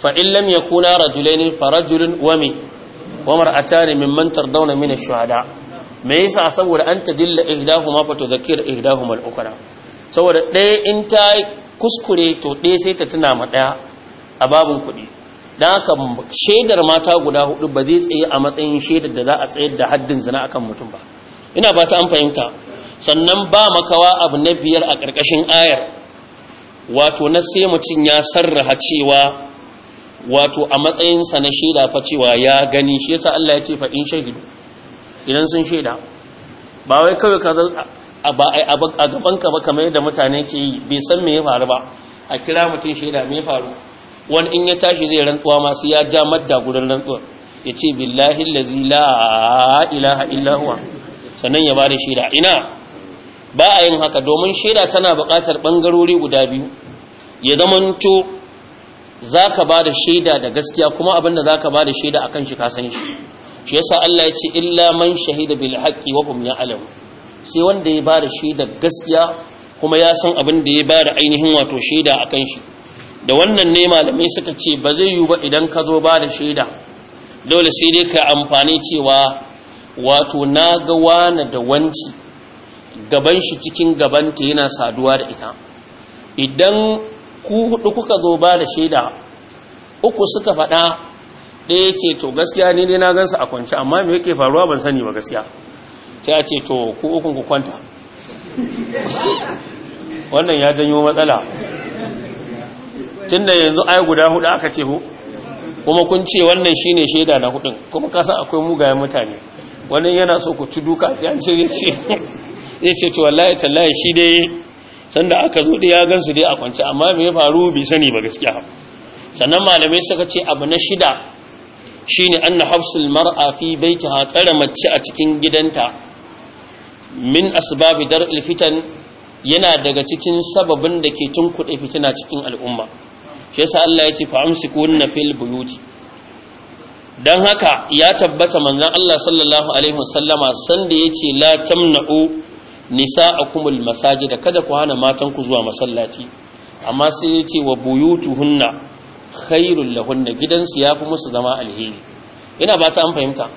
fa in lam yakuna rajulaini fa rajulun wa mi wa min mimman tardawna min ash-shuhada me yasa saboda an tadilla ma fa tudhakkir ihdahu mal ukra saboda ɗaya in ta kuskure to ɗaya sai ta tuna ma ɗaya a babin kuɗi don haka shaidar mata guda hudu ba zai tsaye a matsayin shaidar da za a tsayar da haddin zina akan mutum ba ina ba ta an fahimta sannan ba makawa abu na biyar a ƙarƙashin ayar wato na sai mutum ya sarraha cewa wato a matsayinsa na shaida fa cewa ya gani shi yasa Allah ya ce fa in shahidu idan sun shaida ba wai kawai ka a gaban ka ba kamar yadda mutane ke yi bai san me ya faru ba a kira mutum shaida me ya faru wani in ya tashi zai rantsuwa masu ya ja madda gurin rantsuwa ya ce billahi lazi la ilaha illahuwa sannan ya bada shaida ina ba a yin haka domin shaida tana buƙatar ɓangarori guda biyu ya zamanto za ka ba da shaida da gaskiya kuma abinda za ka bada shaida a kan shi ka san shi shi sa Allah ya ce illa man shahida bil haqqi wa hum ya'lam sai wanda ya bada shaida gaskiya kuma ya san abin da ya bada ainihin wato shaida a kan shi da wannan ne malamai suka ce ba zai yiwu ba idan ka zo ba da shaida dole sai dai ka amfani cewa wato na ga wana da wanci gaban shi cikin gabanta yana saduwa da ita idan ku hudu kuka zo ba da shaida uku suka faɗa ɗaya ce to gaskiya ne dai na gansa a kwanci amma me yake faruwa ban sani ba gaskiya sai a ce to ku ukun ku kwanta [LAUGHS] wannan ya janyo matsala tunda yanzu ai guda hudu aka ce ku kuma kun ce wannan shine shaida na hudun kuma kasan akwai mugayen mutane wani yana so ku ci duka ya ce ya ce to wallahi tallahi shi dai sanda aka zo da ya gansu dai a kwanci amma me ya faru bai sani ba gaskiya sannan malamai suka ce abu na shida shine anna hafsul mar'a fi baitiha tsare mace a cikin gidanta min asbabi dar'il fitan yana daga cikin sababin da ke tun tunkuɗe fitina cikin al'umma shi yasa Allah ya ce fa amsikunna fil buyuti don haka ya tabbata manzan Allah sallallahu alaihi wasallama sanda ya ce la tamna'u nisa'akumul da kada ku hana matan ku zuwa masallaci amma sai ya ce wa buyutuhunna khairul lahunna gidansu fi musu zama alheri ina ba ta an fahimta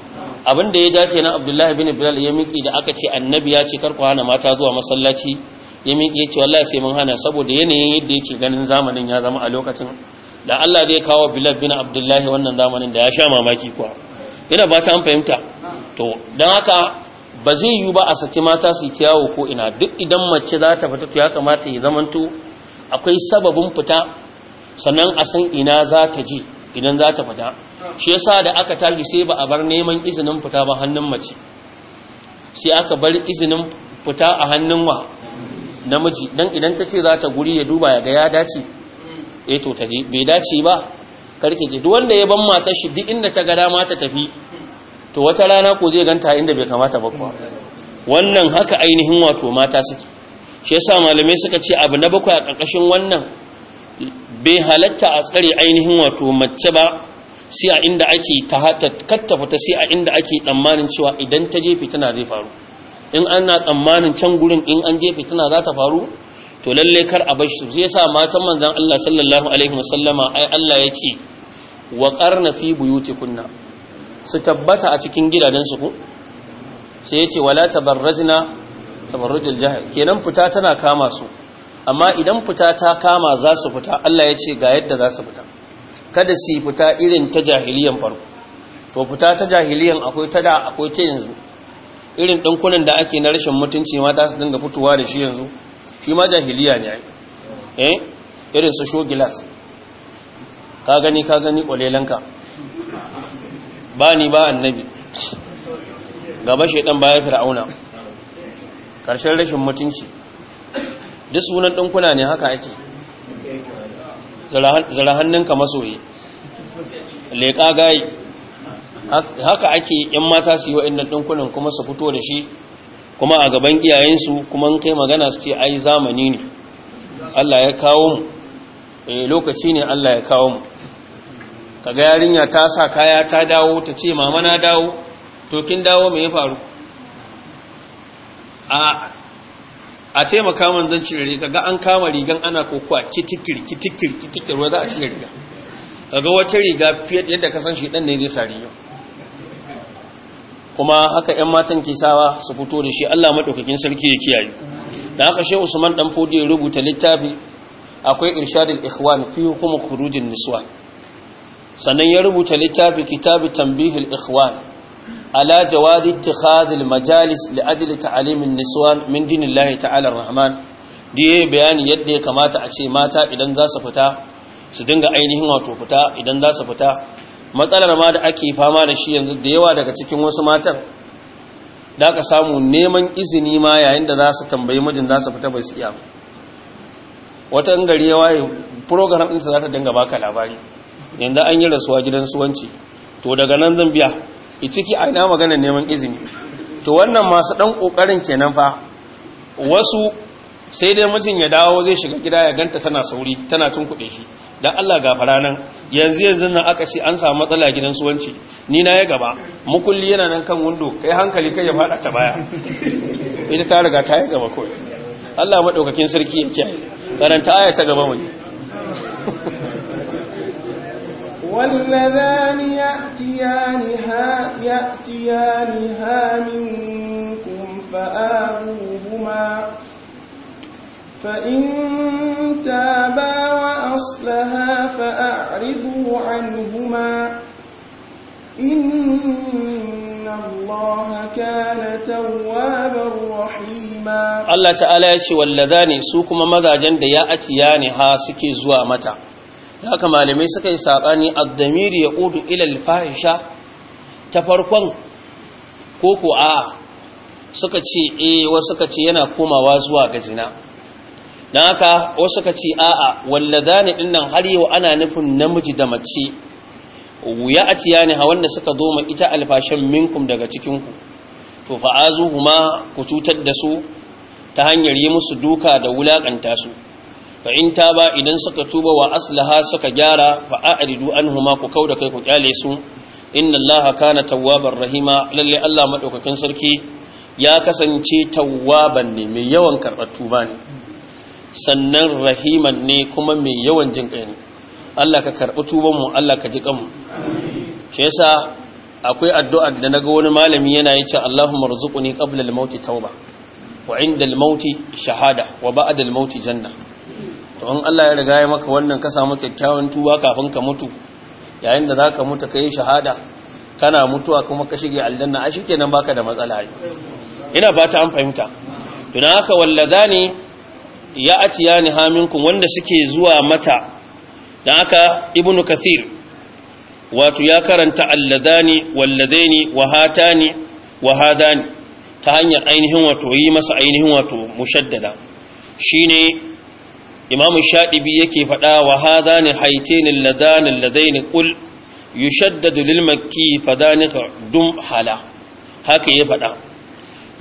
abin da ya dace na Abdullahi bin Bilal ya miƙi da aka ce annabi ya ce kar ku hana mata zuwa masallaci ya miƙi ya ce wallahi sai mun hana saboda yanayin yadda yake ganin zamanin ya zama a lokacin da Allah zai kawo Bilal bin Abdullahi wannan zamanin da ya sha mamaki kuwa ina ba ta an fahimta to don haka ba zai yi ba a saki mata su yawo ko ina duk idan mace za ta fita to ya kamata ya zamanto akwai sababin fita sannan a san ina za ta ji idan za ta fita shi yasa da aka tashi sai ba a bar neman izinin fita ba hannun mace sai aka bar izinin fita a hannun wa namiji dan idan ta ce za ta guri ya duba ya ga ya dace eh to taje bai dace ba karki ji duk wanda ya ban matar shi duk inda ta ga dama ta tafi to wata rana ko zai ganta inda bai kamata ba kuwa wannan haka ainihin wato mata suke shi yasa malamai suka ce abu na bakwai a karkashin wannan bai halatta a tsare ainihin wato mace ba sai a inda ake kattafa ta sai a inda ake tsammanin cewa idan ta jefe tana zai faru in ana tsammanin can gurin in an jefe tana za ta faru to lalle kar a bashi sai yasa matan manzon Allah sallallahu alaihi wasallama ai Allah ya ce wa qarna fi buyutikunna su tabbata a cikin gidajensu ku sai yace wala tabarrajna tabarrujul jahl kenan fita tana kama su amma idan fita ta kama za su fita Allah ya ce ga yadda za su fita kada su fita irin ta jahiliyan farko to fita ta jahiliyan akwai ta da akwai ta yanzu irin dinkunan da ake na rashin mutunci mata su dinga fitowa da shi yanzu shi ma jahiliya ne eh irin su show glass ka gani ka gani kwalelanka ba ni ba annabi gaba shaidan bayan fir'auna karshen rashin mutunci duk sunan dinkuna ne haka ake zara hannunka masoyi leƙa gai haka ake yan mata su yi wa'in dinkunan kuma su fito da shi kuma a gaban iyayensu kuma an kai magana su ce ai zamani ne Allah ya kawo mu eh lokaci ne Allah ya kawo mu kaga yarinya ta sa kaya ta dawo ta ce mama na dawo to kin dawo me ya faru a a taimaka man zan cire riga ga an kama rigan ana kokowa kitikir kitikir kitikir wa za a cire riga kaga wata riga fiye yadda ka san shi dan ne zai sa yau. kuma haka 'yan matan ke su fito da shi Allah maɗaukakin sarki ya kiyaye da haka shi usman ɗan fodi ya rubuta littafi akwai irshadul ikhwan fi hukum khurujin niswa sannan ya rubuta littafi kitabi tanbihul ikhwan ala jawazi ittikhadil majalis li ajli ta'limin niswan min dinillahi ta'ala arrahman diye bayani yadda ya kamata a ce mata idan za su fita su dinga ainihin wato fita idan za su fita matsalar ma da ake fama da shi yanzu da yawa daga cikin wasu matan da aka samu neman izini ma yayin da za su tambayi mijin za su fita bai su iya wata gari ya yi program ɗinta za ta dinga baka labari yanzu an yi rasuwa gidan suwanci to daga nan zan biya i ciki a ina magana neman izini to wannan masu ɗan ƙoƙarin kenan fa wasu sai dai mijin ya dawo zai shiga gida ya ganta tana sauri tana tun kuɗe shi dan Allah gafara nan yanzu yanzu nan aka ce an samu matsala gidan suwanci ni na ya gaba mukulli yana nan kan wando, kai hankali kai ya fada ta baya ita ta riga ta ya gaba kawai Allah madaukakin sarki ya kiyaye karanta aya ta gaba mu واللذان ya'tiyaniha ya'tiyaniha minkum فآذوهما فإن تابا وأصلها فأعرضوا عنهما إن الله كان توابا رحيما الله تعالى يشي واللذان سوكما ماذا جند يأتيان ها سكي زوا متى haka malamai suka yi saɓani addamiri ya udu ilal fahisha ta farkon ko suka ce eh wasu suka ce yana komawa zuwa ga zina don haka wasu ka ce a'a wallada ne dinnan har yau ana nufin namiji da mace ya a ciya ne hawan da suka zo ma ita alfashin minkum daga cikinku to fa'azu kuma ku cutar da su ta hanyar yi musu duka da wulaƙanta su fa in ta ba idan suka tuba wa aslaha suka gyara fa a'ridu anhuma ku kauda kai ku kyale su inna allaha kana tawwabar rahima lalle Allah madaukakin sarki ya kasance tawwaban ne mai yawan karɓar tuba ne sannan rahiman ne kuma mai yawan jin kai Allah ka karɓi tubanmu Allah ka ji kanmu shi yasa akwai addu'a da na ga wani malami yana yace Allahumma ne, qabla da mauti tauba wa inda da mauti shahada wa ba'da da mauti janna to in Allah ya riga ya maka wannan ka samu kyakkyawan tuba kafin ka mutu yayin da za ka mutu ka yi shahada kana mutuwa kuma ka shige aljanna a kenan baka da matsala ina ba ta an fahimta aka haka wallazani ya atiya ni haminkum wanda suke zuwa mata dan haka ibnu kathir wato ya karanta alladani walladaini wahatani wahadani ta hanyar ainihin wato yi masa ainihin wato mushaddada shine imam shadibi yake faɗa wahadani haitani alladani alladaini kul yushaddadu lil makki fadanika dum hala haka ya faɗa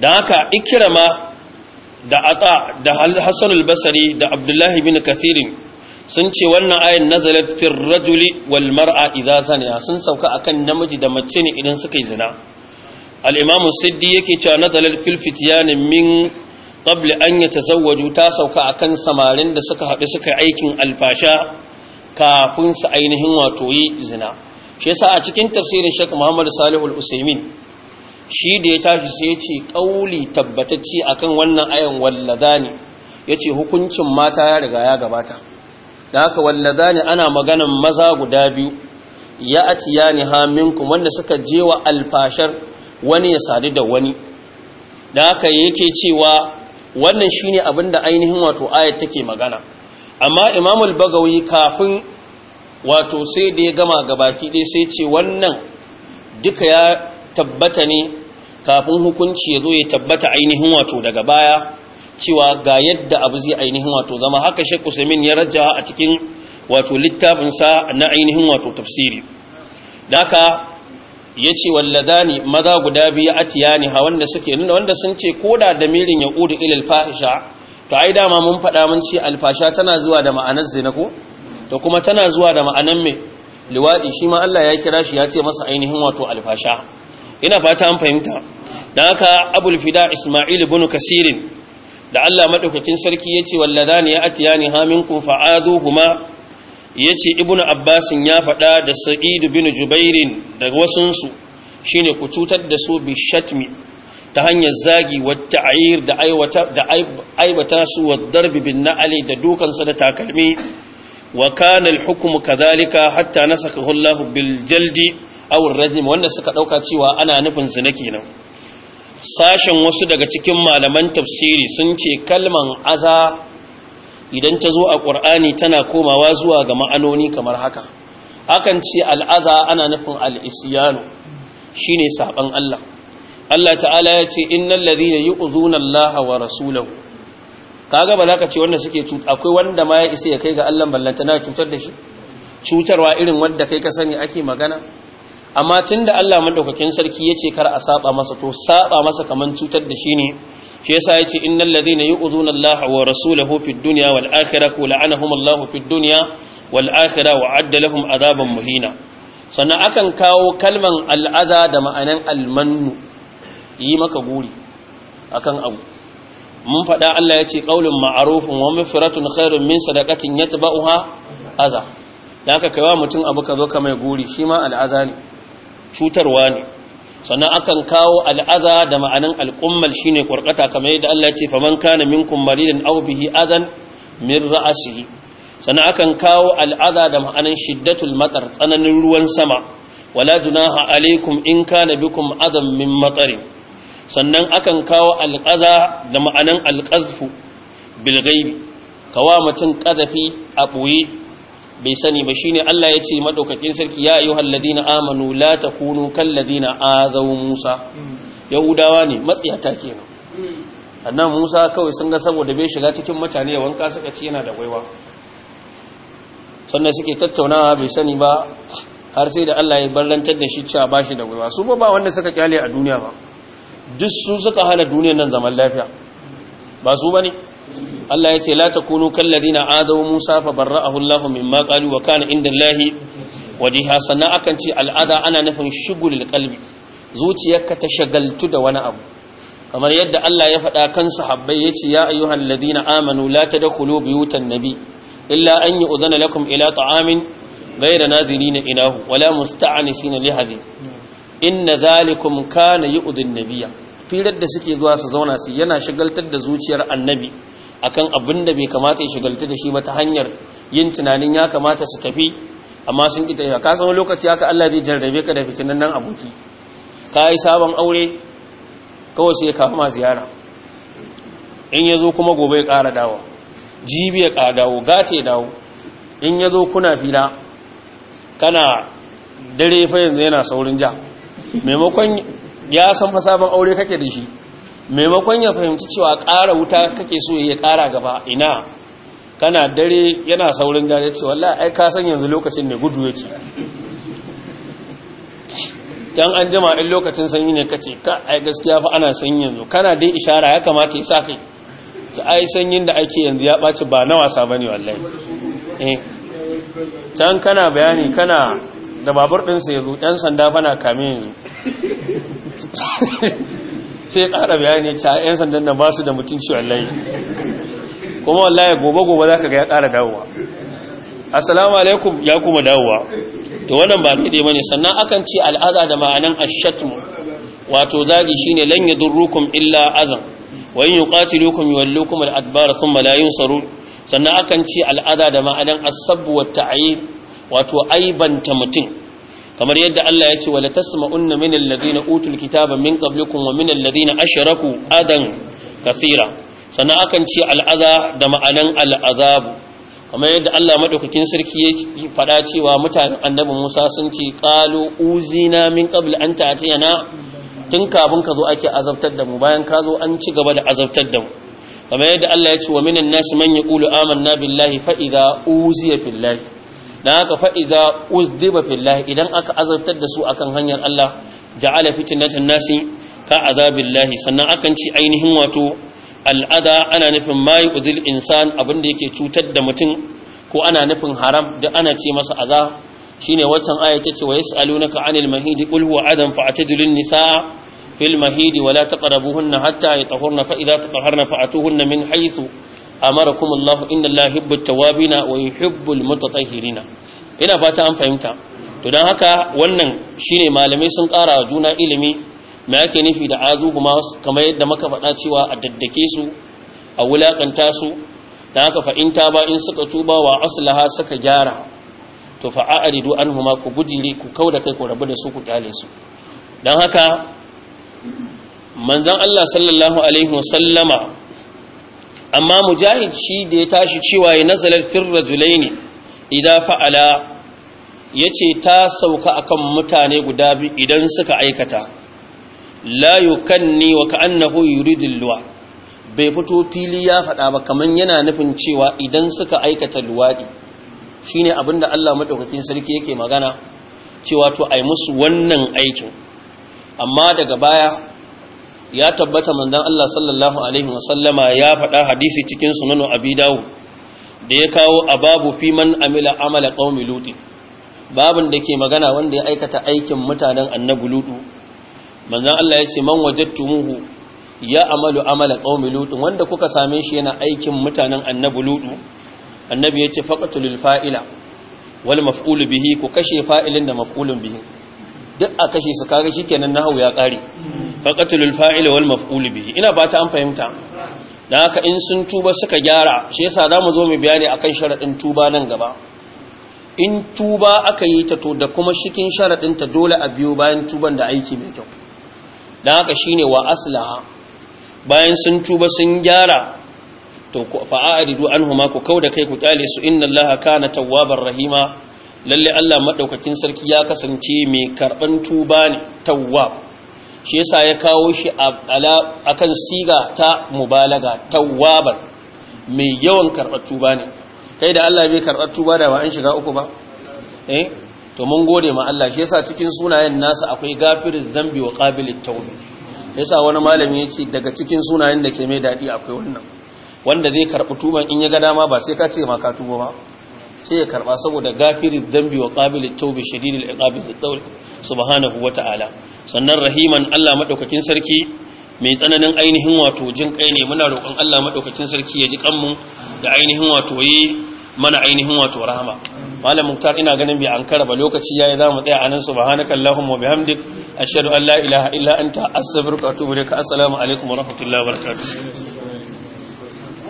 dan haka ikirama da ata da hasan al da abdullahi bin kathirin sun ce wannan ayin nazalat fil rajuli wal mar'a idza zaniya sun sauka akan namiji da mace ne idan suka yi zina al-imam siddi yake cewa nazalat fil fityan min qabl an yatazawwaju ta sauka akan samarin da suka haɗu suka aikin alfasha kafin su ainihin wato yi zina shi yasa a cikin tafsirin Sheikh Muhammad Salih al-Usaimin shi da ya tashi sai ya ce ƙauli tabbatacce akan wannan ayan wallazani ya ce hukuncin mata ya riga ya gabata da haka ne ana maganan maza guda biyu ya atiya ni haminku wanda suka je wa alfashar wani ya sadu da wani da haka yake cewa wannan shine abin da ainihin wato ayat take magana amma imamul bagawi kafin wato sai da ya gama gabaki ɗaya sai ce wannan duka ya tabbata ne kafin hukunci ya zo ya tabbata ainihin wato daga baya cewa ga yadda abu zai ainihin wato zama haka shek usaimin ya rajawa a cikin wato littafinsa na ainihin wato tafsiri daka yace ce ni maza guda biyu a tiyani ha wanda suke nuna wanda sun ce koda da mirin ya kudu ilil fahisha to ai dama mun faɗa mun ce alfasha tana zuwa da ma'anar zina ko to kuma tana zuwa da ma'anar mai liwaɗi shi ma Allah ya kira shi ya ce masa ainihin wato alfasha ina fata an fahimta don haka abul fida ismail ibn kasirin da Allah madaukakin sarki yace walladani ya atiyani haminkum fa'aduhuma yace ibnu abbasin ya faɗa da sa'id bin jubairin da wasun su shine ku cutar da su bi shatmi ta hanyar zagi wa ta'ayir da aiwata da aibata su wa darbi bin na'ali da dukan sa da takalmi wa kana al-hukmu kadhalika hatta nasakahu Allah bil jaldi awur rajim wanda suka dauka cewa ana nufin zina kenan sashen wasu daga cikin malaman tafsiri sun ce kalman aza idan ta zo a ƙur'ani tana komawa zuwa ga ma'anoni kamar haka akan ce al'aza ana nufin al'isiyanu shine saban Allah Allah ta'ala ya ce innal ladhina yu'dhuna Allah wa rasulahu kaga ba ka ce wanda suke akwai wanda ma ya isa ya kai ga Allah ballantana cutar da shi cutarwa irin wanda kai ka sani ake magana amma tunda Allah madaukakin sarki yace kar a saba masa to saba masa kaman cutar da shi ne shi yasa yace innal ladhina yu'zuna Allah wa rasulahu fid dunya wal akhirah la'anahum Allah fid dunya wal akhirah wa adda lahum adaban muhina sannan akan kawo kalman aza da ma'anan almannu yi maka guri akan abu mun faɗa Allah ya ce ƙaunin ma'arufin wa mafiratun khairun min sadakatin ya taɓa uha aza da aka kaiwa mutum abu ka zo ka mai guri shi ma al'aza ne cutarwa ne sannan akan kawo al'aza da ma'anan al'ummal shine ƙwarƙata kamar yadda Allah ce faman kana minkum maridan aw bihi azan min ra'sihi sannan akan kawo al'aza da ma'anan shiddatul Matsar tsananin ruwan sama wala dunaha alaikum in kane bikum adam min matarin sannan akan kawo al'aza da ma'anan alqazfu bil kawa mutum qadafi a boye bai sani ba shine Allah ya ce madaukakin sarki ya ayyuhal ladina amanu la takunu kal ladina azaw Musa yahudawa ne matsiyata kenan annabi Musa kawai sun ga saboda bai shiga cikin mutane ya wanka suka ci yana da gwaiwa sannan suke tattaunawa bai sani ba har sai da Allah ya barlantar da shi cewa bashi da gwaiwa su ba ba wanda suka kyale a duniya ba duk su suka hana duniyar nan zaman lafiya ba su bane Allah ya ce la takunu kalladina adaw Musa fa a hullahu mimma qalu wa kana inda Allah sannan akan ce al'ada ana nufin shugulul kalbi zuciyarka ta shagaltu da wani abu kamar yadda Allah ya faɗa kan sahabbai ce ya ayyuhal ladina amanu la tadkhulu buyutan nabi illa an uzana lakum ila ta'amin ghayra nadhirina inahu wala musta'anisina li hadhi inna dhalikum kana yu'dhin nabiyya firar da suke zuwa su zauna su yana shagaltar da zuciyar annabi akan abin da bai kamata ya shigalta da shi ba ta hanyar yin tunanin ya kamata su tafi amma sun ƙi tafiya ka san lokaci haka Allah zai jarrabe ka da fitinan nan aboki ka yi sabon aure kawai sai ka kama ziyara in ya zo kuma gobe ya ƙara dawo jibi ya ƙara dawo gace dawo in ya zo kuna fila kana dare fa yanzu yana saurin ja maimakon ya san fa sabon aure kake da shi maimakon ya fahimci cewa ƙara wuta kake so ya ƙara gaba ina kana dare yana saurin gane cewa wallahi ai ka san yanzu lokacin ne gudu yake dan an jima din lokacin sanyi ne kace ka ai gaskiya fa ana sanyi yanzu kana dai ishara ya kamata ya sa kai to ai sanyin da ake yanzu ya baci ba na wasa bane wallahi eh can kana bayani kana da babur din sa yanzu dan sanda fa na kame yanzu [LAUGHS] sai ya ƙara bayani ce a 'yan sandan da ba su da mutunci wallahi kuma wallahi gobe gobe za ka ga ya ƙara dawowa assalamu alaikum ya kuma dawowa to wannan ba daidai ne sannan akan ce al'ada da ma'anan ashatmu wato zagi shine lan yadurrukum illa azan wa in yuqatilukum yuwallukum al thumma la yunsarun sannan akan ce al'ada da ma'anan as wa ta'yib wato aibanta mutum kamar yadda Allah ya ce wala tasma'unna min alladhina utul kitaba min qablikum wa min alladhina ashraku adan kaseera sannan akan ce al'aza da ma'anan al'azabu kamar yadda Allah madaukakin sarki ya faɗa cewa mutanen annabi Musa sun ce qalu uzina min qabl an ta'tiyana tun kafin ka zo ake azabtar da mu bayan ka zo an ci gaba da azabtar da mu kamar yadda Allah ya ce wa minan nas man yaqulu amanna billahi fa idza uziya fillahi dan haka fa idza uzdiba idan aka azabtar da su akan hanyar Allah ja'ala fitnatan nasi ka azabillahi sannan akan ci ainihin wato al'ada ana nufin mai udil insan abinda yake cutar da mutum ko ana nufin haram da ana ce masa aza shine waccan aya tace wa yasalunaka anil mahidi qul huwa adam fa'tadilun nisaa fil mahidi wala taqrabuhunna hatta yatahurna fa idza taqharna fa'atuhunna min haythu amarakum Allah inna Allah yuhibbu tawabina wa yuhibbu almutatahhirina ina fata an fahimta to dan haka wannan shine malamai sun ƙara juna ilimi me ake nufi da azuhuma kamar yadda muka faɗa cewa a daddake su a wulakanta su dan haka fa in ba in suka tuba wa aslaha suka gyara to fa a'ridu anhuma ku bujire ku kauda kai ku rabu da su ku kyale su dan haka manzon Allah sallallahu alaihi wasallama amma mujahid shi da ya tashi cewa ya nazalar firra zulaini idan fa'ala ya ce ta sauka akan mutane guda biyu idan suka aikata kan ne wa ka'annahu yuridin luwa bai fito fili ya faɗa ba kamar yana nufin cewa idan suka aikata luwaɗi shi ne abinda Allah maɗaukakin sarki yake magana cewa to ai musu wannan aikin amma daga baya ya tabbata manzon Allah sallallahu alaihi wasallama ya faɗa hadisi cikin sunan Abi Dawud da ya kawo ababu fi man amila amala qaumi lutin babin da ke magana wanda ya aikata aikin mutanen annabi lutu manzon Allah ya ce man tumuhu ya amalu amala qaumi lutu wanda kuka same shi yana aikin mutanen annabi lutu annabi ya ce faqatul fa'ila wal maf'ul bihi ku kashe fa'ilin da maf'ulun bihi duk a kashe su kare shikenan nahwu ya kare fa qatlul fa'il wal maf'ul bihi ina ba ta an fahimta dan haka in sun tuba suka gyara shi yasa zamu zo mu bayani akan sharaɗin tuba nan gaba in tuba aka yi ta to da kuma shikin sharaɗin ta dole a biyo bayan tuban da aiki mai kyau dan haka shine wa aslaha bayan sun tuba sun gyara to fa'aridu anhuma ku kauda kai ku kyale su innallaha kana tawwabar rahima lalle Allah maɗaukacin sarki ya kasance mai karban tuba ne tawwab shi yasa ya kawo shi a kan siga ta mubalaga wabar mai yawan karɓar tuba ne kai da Allah bai karɓar tuba da ba an shiga uku ba eh? to mun gode ma Allah shi yasa cikin sunayen nasa akwai gafirin zambi wa qabilit tawbi yasa wani malami ce daga cikin sunayen da ke mai daɗi akwai wannan wanda zai karɓi tuban in ya ga dama ba sai ka ce ma ka tuba ba sai ya karɓa saboda gafirin zambi wa qabilit tawbi shadidil iqabi subhanahu wata'ala sannan rahiman Allah madaukakin sarki mai tsananin ainihin wato jin kai ne muna roƙon Allah madaukakin sarki ya ji kanmu da ainihin wato yi mana ainihin wato rahama Malamin muktar ina ganin bai an karaba lokaci yayi mu tsaya anan subhanaka allahumma wa bihamdik ashhadu an la ilaha illa anta astaghfiruka wa atubu ilaik assalamu alaikum wa rahmatullahi wa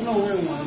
barakatuh